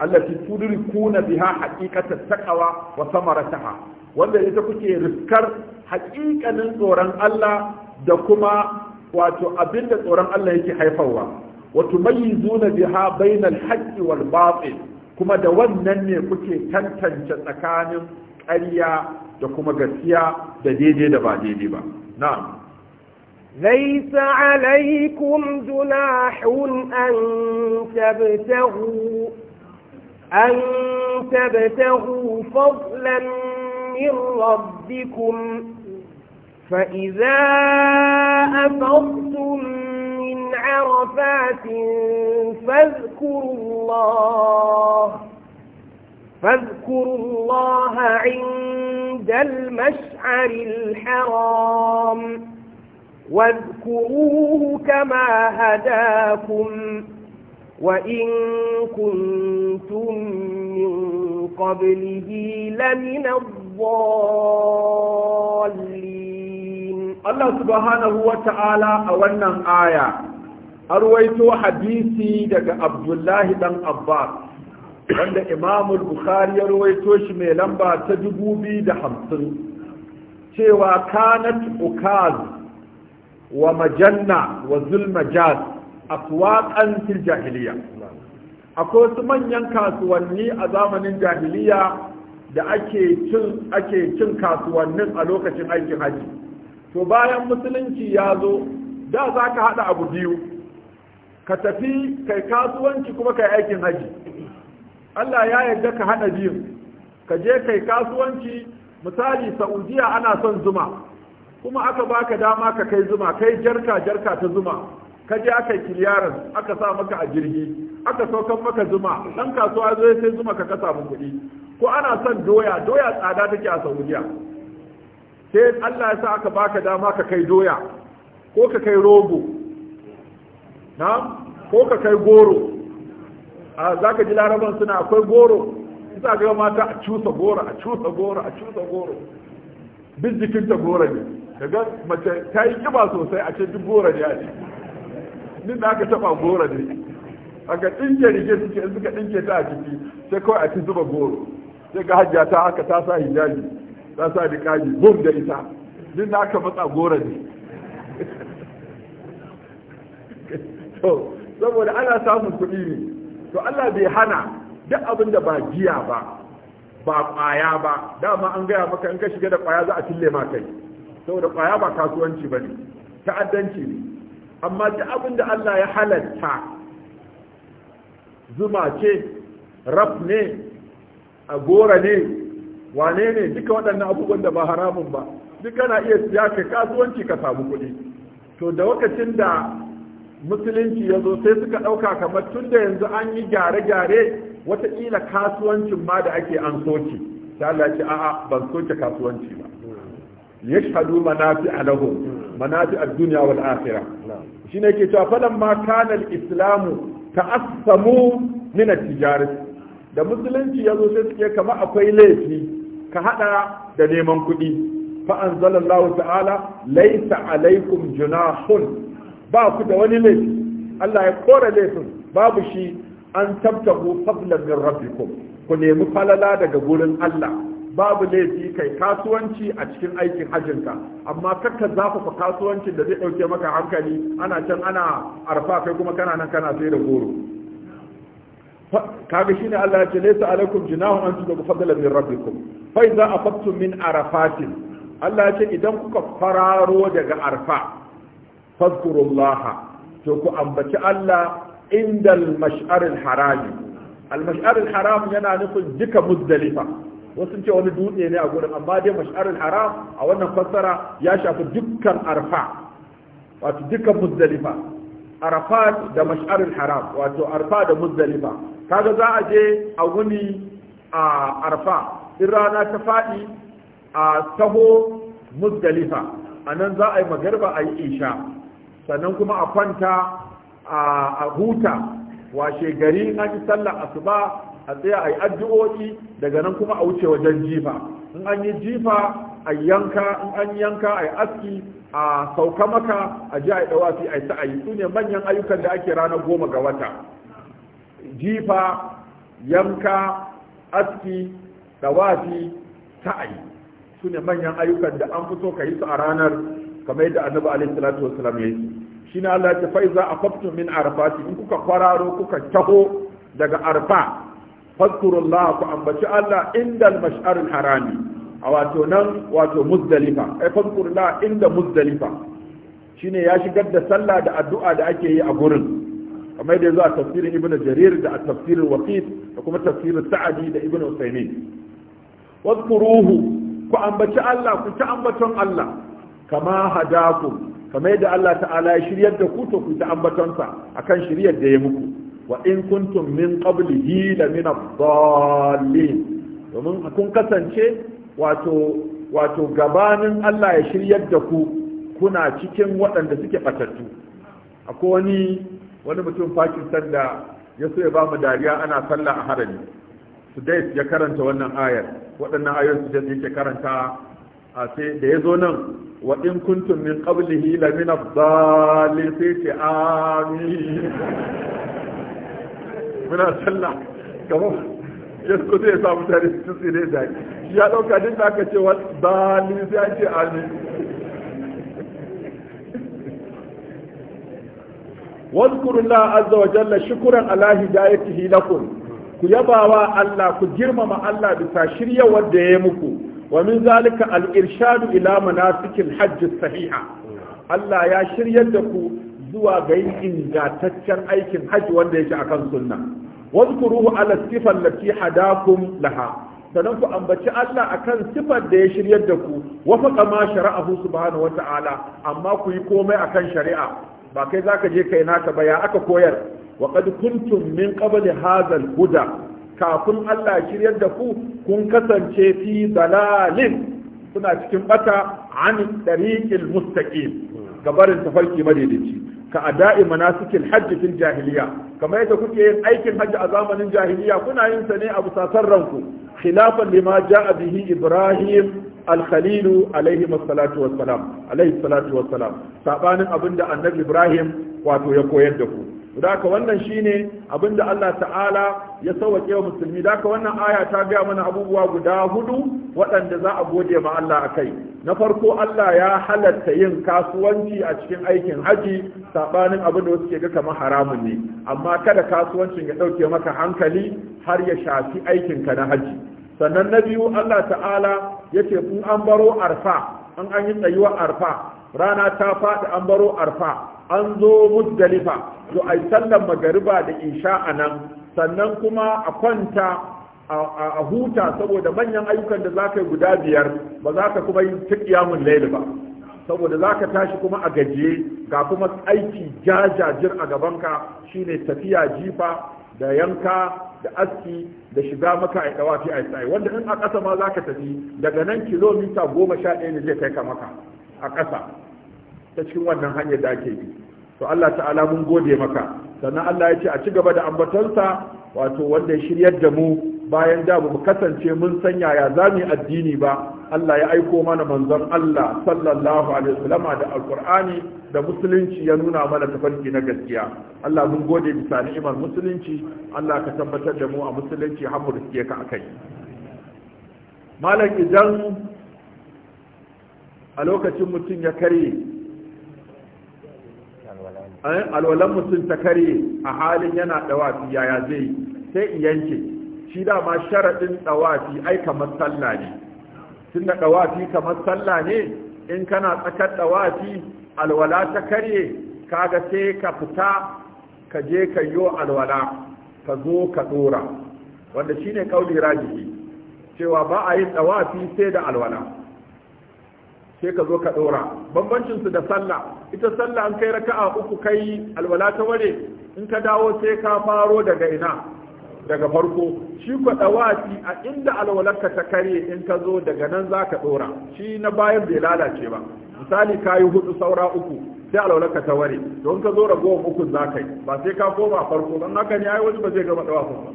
allati tudrikuna biha haqiqata taqwa wa samarataha wanda ita kuke riskar haƙiƙanin tsoron Allah da kuma wato abinda tsoron Allah yake haifarwa wato tumayyizuna biha bainal haqqi wal batil kuma da wannan ne kuke tantance tsakanin ƙarya da kuma gaskiya da daidai da ba daidai ba na'am ليس عليكم
جناح أن تبتغوا أن تبتغوا فضلا من ربكم فإذا أفضتم من عرفات فاذكروا الله فاذكروا الله عند المشعر الحرام واذكروه كما هداكم وإن كنتم من قبله لمن الضالين
الله سبحانه وتعالى أولنا آية أرويت حديثي دك عبد الله بن عباس عند إمام البخاري رويتوش ميلمبا تدبوبي دحمصن cewa kanat ukaz wa majanna wa zulmajaz aswaqan fil jahiliya akwai wasu manyan kasuwanni a zamanin jahiliya da ake cin ake cin kasuwannin a lokacin aikin haji to bayan musulunci ya zo da za ka haɗa abu biyu ka tafi kai kasuwanci kuma kai aikin haji Allah ya yarda ka haɗa biyun ka je kai kasuwanci misali saudiya ana son zuma kuma aka baka dama ka kai zuma kai jarka jarka ta zuma ka je aka yi kiliyaran aka sa maka a jirgi aka saukan maka zuma dan kasuwa zai sai zuma ka kasa mu kuɗi ko ana son doya doya tsada take a saudiya sai allah ya sa aka baka dama ka kai doya ko ka kai rogo na ko ka kai goro a za ka ji laraban suna akwai goro isa ga mata a cusa goro a cusa goro a cusa goro duk jikinta goro ne daga mace ta yi kiba sosai a cikin goro ne a ciki din da aka tafa goro ne aka dinke rike suke suka dinke ta a ciki sai kawai a ci zuba goro sai ga hajja ta aka ta sa hijabi ta sa niqabi bum da ita din da aka matsa goro ne *laughs* to saboda ana samun kuɗi ne to Allah bai hana duk abin da ba giya ba ba ƙwaya ba dama an gaya maka in ka shiga da ƙwaya za a cille ma kai saboda ƙwaya ba kasuwanci ba ne ta'addanci ne amma duk abin da Allah ya halatta zuma ce raf ne agora ne wane ne duka waɗannan abubuwan da ba haramun ba duka na iya siya ka kasuwanci ka samu kuɗi to da lokacin da musulunci ya zo sai suka ɗauka kamar tun da yanzu an yi gyare-gyare wataƙila kasuwancin ma da ake an soke ta Allah ce a'a ban soke kasuwanci ba yashhadu manafi alahu, manafi ad-dunya wal akhirah shi ne ke cewa falon ma kanal islamu ta asamu min tijaris da musulunci ya zo sai suke kama akwai laifi ka hada da neman kuɗi fa anzalallahu ta'ala laisa alaikum junahun ba ku da wani laifi Allah ya kore laifin babu shi an tabtahu fadlan min rabbikum ku nemi falala daga gurin Allah babu laifi kai kasuwanci a cikin aikin hajjinka amma kakka zafafa kasuwancin da zai ɗauke maka hankali ana can ana arfa kai kuma kana nan kana sai da goro kaga shine Allah ya ce laysa alaikum junahun an tudu fadala min rabbikum fa idza afadtum min arafatin Allah ya ce idan kuka fararo daga arfa fadhkurullaha to ku ambaci Allah indal mash'aril harami al mash'aril haram yana nufin duka muzdalifa wasu ce wani dutse ne a gurin amma dai mash'arul haram a wannan fassara ya shafi dukkan arfa wato dukkan muzdalifa arafat da mash'arul haram wato arfa da muzdalifa kaga za a je a wuni a arfa in rana ta faɗi a taho muzdalifa a nan za a yi magarba a yi isha sannan kuma a kwanta a huta washe gari an sallar asuba a tsaya a yi addu'o'i daga nan kuma a wuce wajen jifa in an yi jifa a yanka in an yanka a yi aski a sauka maka a ji a yi dawafi a yi sa'ayi su ne manyan ayyukan da ake ranar goma ga wata jifa yanka aski dawafi sa'ayi su ne manyan ayyukan da an fito ka yi su a ranar kamar yadda annabi alaihi salatu wasalam ya yi shi na Allah ya fa iza afaftu min arafati in kuka kwararo kuka taho daga arfa fadkurullah ku ambaci Allah al mash'aril harami a wato nan wato muzdalifa ai fadkurullah inda muzdalifa shine ya shigar da sallah da addu'a da ake yi a gurin kamar da zuwa tafsirin ibnu jarir da tafsirin waqid da kuma tafsirin sa'adi da ibnu usaymin wadkuruhu ku ambaci Allah ku ta ambaton Allah kama hadakum kamar da Allah ta'ala ya shiryar da ku to ku ta ambatonsa akan shiryar da ya muku wa in kuntum min qablihi la min ad-dallin domin kun kasance wato wato gabanin Allah ya shiryar da ku kuna cikin waɗanda suke batattu akwai wani wani mutum Pakistan da ya so ya ba mu dariya ana sallah a harami su dai ya karanta wannan ayar waɗannan ayoyin su da yake karanta a sai da ya zo nan wa in kuntum min qablihi la min ad-dallin sai ce amin muna sallah kamar yasko zai samu tare su tsire zai ya ɗauka din da aka ce wani bali zai ce ami wasu la azza wa jalla shukuran alahi da ya ci hilakun ku yabawa Allah ku girmama Allah bisa shirya wanda ya yi muku wa min zalika al-irshadu ila manasikil hajj sahiha Allah ya shiryar da ku zuwa ga yin ingantaccen aikin haji wanda yake akan sunna wazkuruhu ala sifan lati hadakum laha sannan ku ambaci Allah akan sifar da ya shiryar da ku wafaqa ma shara'ahu subhanahu ala, amma ku yi komai akan shari'a ba kai za ka je kai naka ba ya aka koyar wa qad kuntum min qabli hadha huda kafin Allah ya shiryar da ku kun kasance fi dalalin suna cikin bata an tariqil mustaqim gabarin tafarki madaidaici ka ada'i manasikil hajji fil jahiliya kamar yadda kuke yin aikin hajji a zamanin jahiliya kuna yin sa ne a bisa ranku khilafan lima ja'a bihi ibrahim al-khalil alaihi salatu alaihi salatu sabanin abinda annabi ibrahim wato ya koyar da ku daka wannan shine abinda Allah ta'ala ya sauke wa musulmi daka wannan aya ta gaya mana abubuwa guda hudu waɗanda za a gode ma Allah kai na farko Allah ya halatta yin kasuwanci a cikin aikin haji saɓanin abin da wasu ke ga kamar haramun ne amma kada kasuwancin ya ɗauke maka hankali har ya shafi aikin ka na haji sannan na biyu Allah ta'ala ya ce in an baro arfa in an yi tsayuwar arfa rana ta faɗi an baro arfa an zo muzdalifa to ai sallan magariba da isha a nan sannan kuma a kwanta a huta saboda manyan ayyukan da za guda biyar ba za ka kuma yi ta laili ba saboda za ka tashi kuma a gajiye ga kuma aiki jajajir a gabanka shine tafiya jifa da yanka da aski da shiga maka a dawafi a tsaye wanda in a ƙasa ma za ka tafi daga nan kilomita goma sha ɗaya ne zai kai ka maka a ƙasa ta cikin wannan hanyar da ake yi. to Allah ta'ala mun gode maka sannan Allah ya ce a ci gaba da ambatonsa wato wanda ya shiryar da mu bayan da mu kasance mun san yaya za mu addini ba Allah ya aiko mana manzon Allah sallallahu alaihi wasallam da alqur'ani da musulunci ya nuna mana tafarki na gaskiya Allah mun gode bisa ni'imar musulunci Allah ka tabbatar da mu a musulunci har mu riske ka akai malam idan a lokacin mutum ya karye Eh, alwalan mutum ta kare a halin yana dawafi yaya zai sai in yanke shi dama sharaɗin ɗawafi, ai kamar sallah ne tun da dawafi kamar sallah ne in kana tsakar ɗawafi, alwala ta kare kaga sai ka fita ka je ka yi alwala ka zo ka dora wanda shine kauli rajihi cewa ba a yin ɗawafi sai da alwala sai ka zo ka ɗora su da sallah ita sallah an kai raka'a uku kai alwala ta ware in ka dawo sai ka faro daga ina daga farko shi ku ɗawafi a inda alwalarka ta karye in ka zo daga nan za ka ɗora shi na bayan bai lalace ba misali ka yi hudu saura uku sai alwalarka ta ware don ka zo ragowar uku za ka yi ba sai ka koma farko don haka ne ai wani ba zai gama ɗawafin ba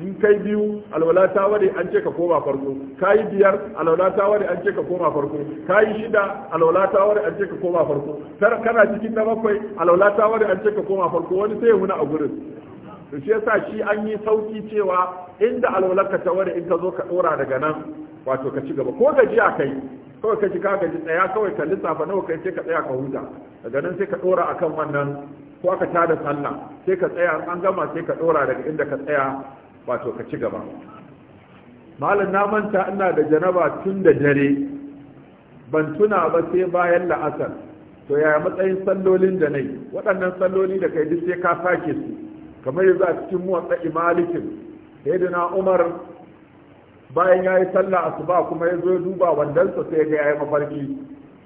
in kai biyu alwala ta ware an ce ka koma farko kayi biyar alwala ta ware an ce ka koma farko kayi shida alwala ta ware an ce ka koma farko tar kana cikin na bakwai alwala ta ware an ce ka koma farko wani sai huna a gurin to shi yasa shi an yi sauki cewa inda alwalarka ta ware in ka zo ka dora daga nan wato ka ci gaba ko gajiya kai kawai ka ji ka gaji tsaya kawai ka lissafa nawa kai sai ka tsaya ka huta daga nan sai ka dora akan wannan ko aka tada sallah sai ka tsaya an gama sai ka dora daga inda ka tsaya wato ka ci gaba malam na manta ina da janaba tun da dare ban tuna ba sai bayan la'asar to yaya matsayin sallolin da nai waɗannan salloli da kai duk sai ka sake su kamar yanzu a cikin muwatsa imalikin sayyidina umar bayan ya yi sallah asuba kuma ya zo duba wandansa sai ga ya yi mafarki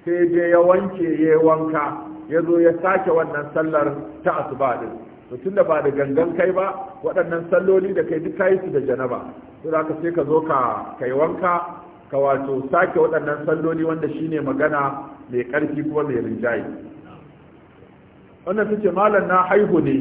sai je ya wanke ya wanka ya zo ya sake wannan sallar ta asuba din to da ba da gangan kai ba waɗannan salloli da kai duk kayi su da janaba to da ka sai ka zo ka kai wanka ka wato sake waɗannan salloli wanda shine magana mai ƙarfi kuma mai rinjaye wannan suke malam na haihu ne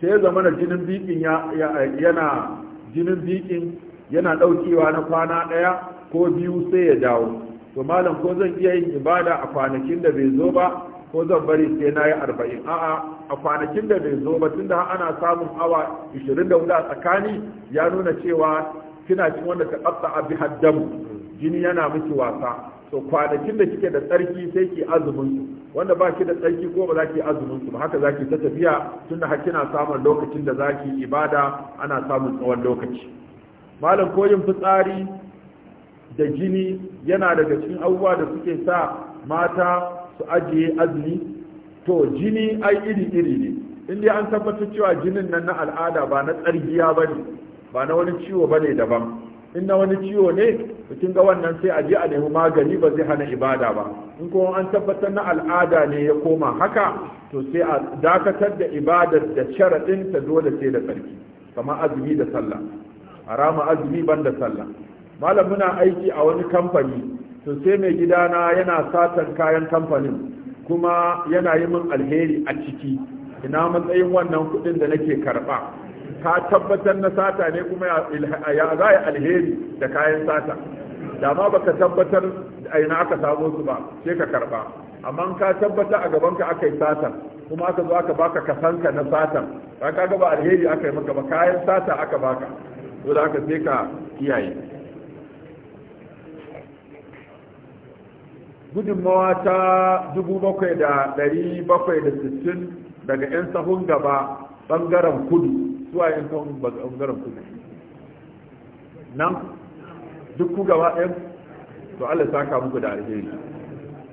sai zama na jinin bikin yana jinin bikin yana ɗaukewa na kwana ɗaya ko biyu sai ya dawo to malam ko zan iya yin ibada a kwanakin da bai zo ba ko zan bari sai na yi arba'in a'a a kwanakin da bai zo ba tun da ana samun awa 24 a tsakani ya nuna cewa kina cin wanda ta ƙasa a bi haddamu jini yana miki wasa to kwanakin da kike da tsarki sai ki azumin su wanda ba ki da tsarki ko ba za ki azumin su ba haka za ki ta tafiya tunda da kina samun lokacin da za ki ibada ana samun tsawon lokaci malam koyin fitsari da jini yana daga cikin abubuwa da suke sa mata su ajiye azumi to jini ai iri-iri ne inda an tabbatar cewa jinin nan na al'ada ba na tsargiya ba ne ba na wani ciwo ba ne daban in na wani ciwo ne kin ga wannan sai a je a nemi magani ba zai hana ibada ba in kuma an tabbatar na al'ada ne ya koma haka to sai a dakatar da ibadar da sharaɗin ta dole sai da tsarki kamar azumi da sallah a rama azumi ban da sallah malam muna aiki a wani kamfani to sai mai gidana yana satar kayan kamfanin kuma yana yi min alheri a ciki ina matsayin wannan kudin da nake karba ka tabbatar na sata ne kuma ya za alheri da kayan sata da ma baka tabbatar a ina aka samu su ba sai ka karba amma ka tabbata a gaban ka aka yi sata, kuma aka zo aka baka kasanka na satan ka ga ba alheri aka yi maka ba kayan sata aka baka to da aka sai ka kiyaye gudunmawa ta 7,760 daga 'yan sahun gaba bangaren kudu zuwa 'yan sahun bangaren kudu nan duk ku gaba ɗin to Allah saka muku da alheri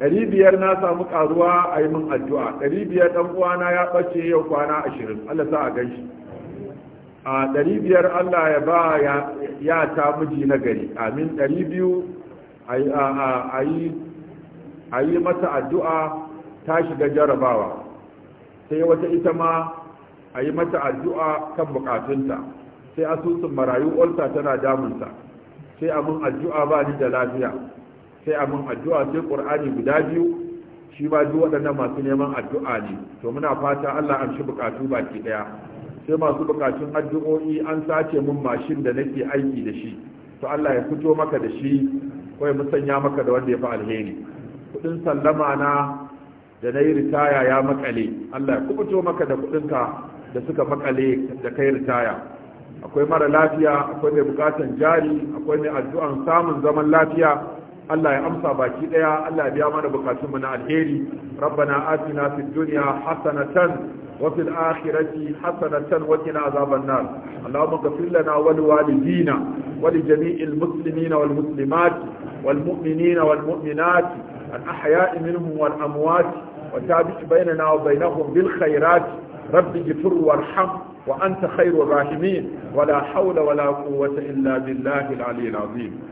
ɗari biyar na samu ƙaruwa a yi min addu'a ɗari biyar ɗan uwana ya ɓace yau kwana ashirin Allah sa a ganshi a ɗari biyar Allah ya ba ya ta miji na gari amin ɗari biyu a yi a yi mata addu'a ta shiga jarabawa sai wata ita ma a yi mata addu'a kan bukatunta sai asusun marayu olta tana damunta sai amin addu'a ba ni da lafiya sai amin addu'a sai ƙur'ani guda biyu shi ba duk waɗannan masu neman addu'a ne to muna fata Allah an shi bukatu baki ɗaya sai masu bukatun addu'o'i an sace min mashin da nake aiki da shi to Allah ya fito maka da shi ko ya musanya maka da wanda ya fi alheri kudin sallama na da na yi ritaya ya makale Allah ya kubuto maka da kudinka da suka makale da kai ritaya akwai mara lafiya akwai mai bukatan jari akwai mai addu'an samun zaman lafiya Allah ya amsa baki daya Allah ya biya mana bukatunmu na alheri rabbana atina fid dunya hasanatan wa fil akhirati hasanatan wa qina azaban nar allahumma ighfir lana wa liwalidina wa li jami'il muslimina الأحياء منهم والأموات وتابت بيننا وبينهم بالخيرات رب اغفر وارحم وأنت خير الراحمين ولا حول ولا قوة إلا بالله العلي العظيم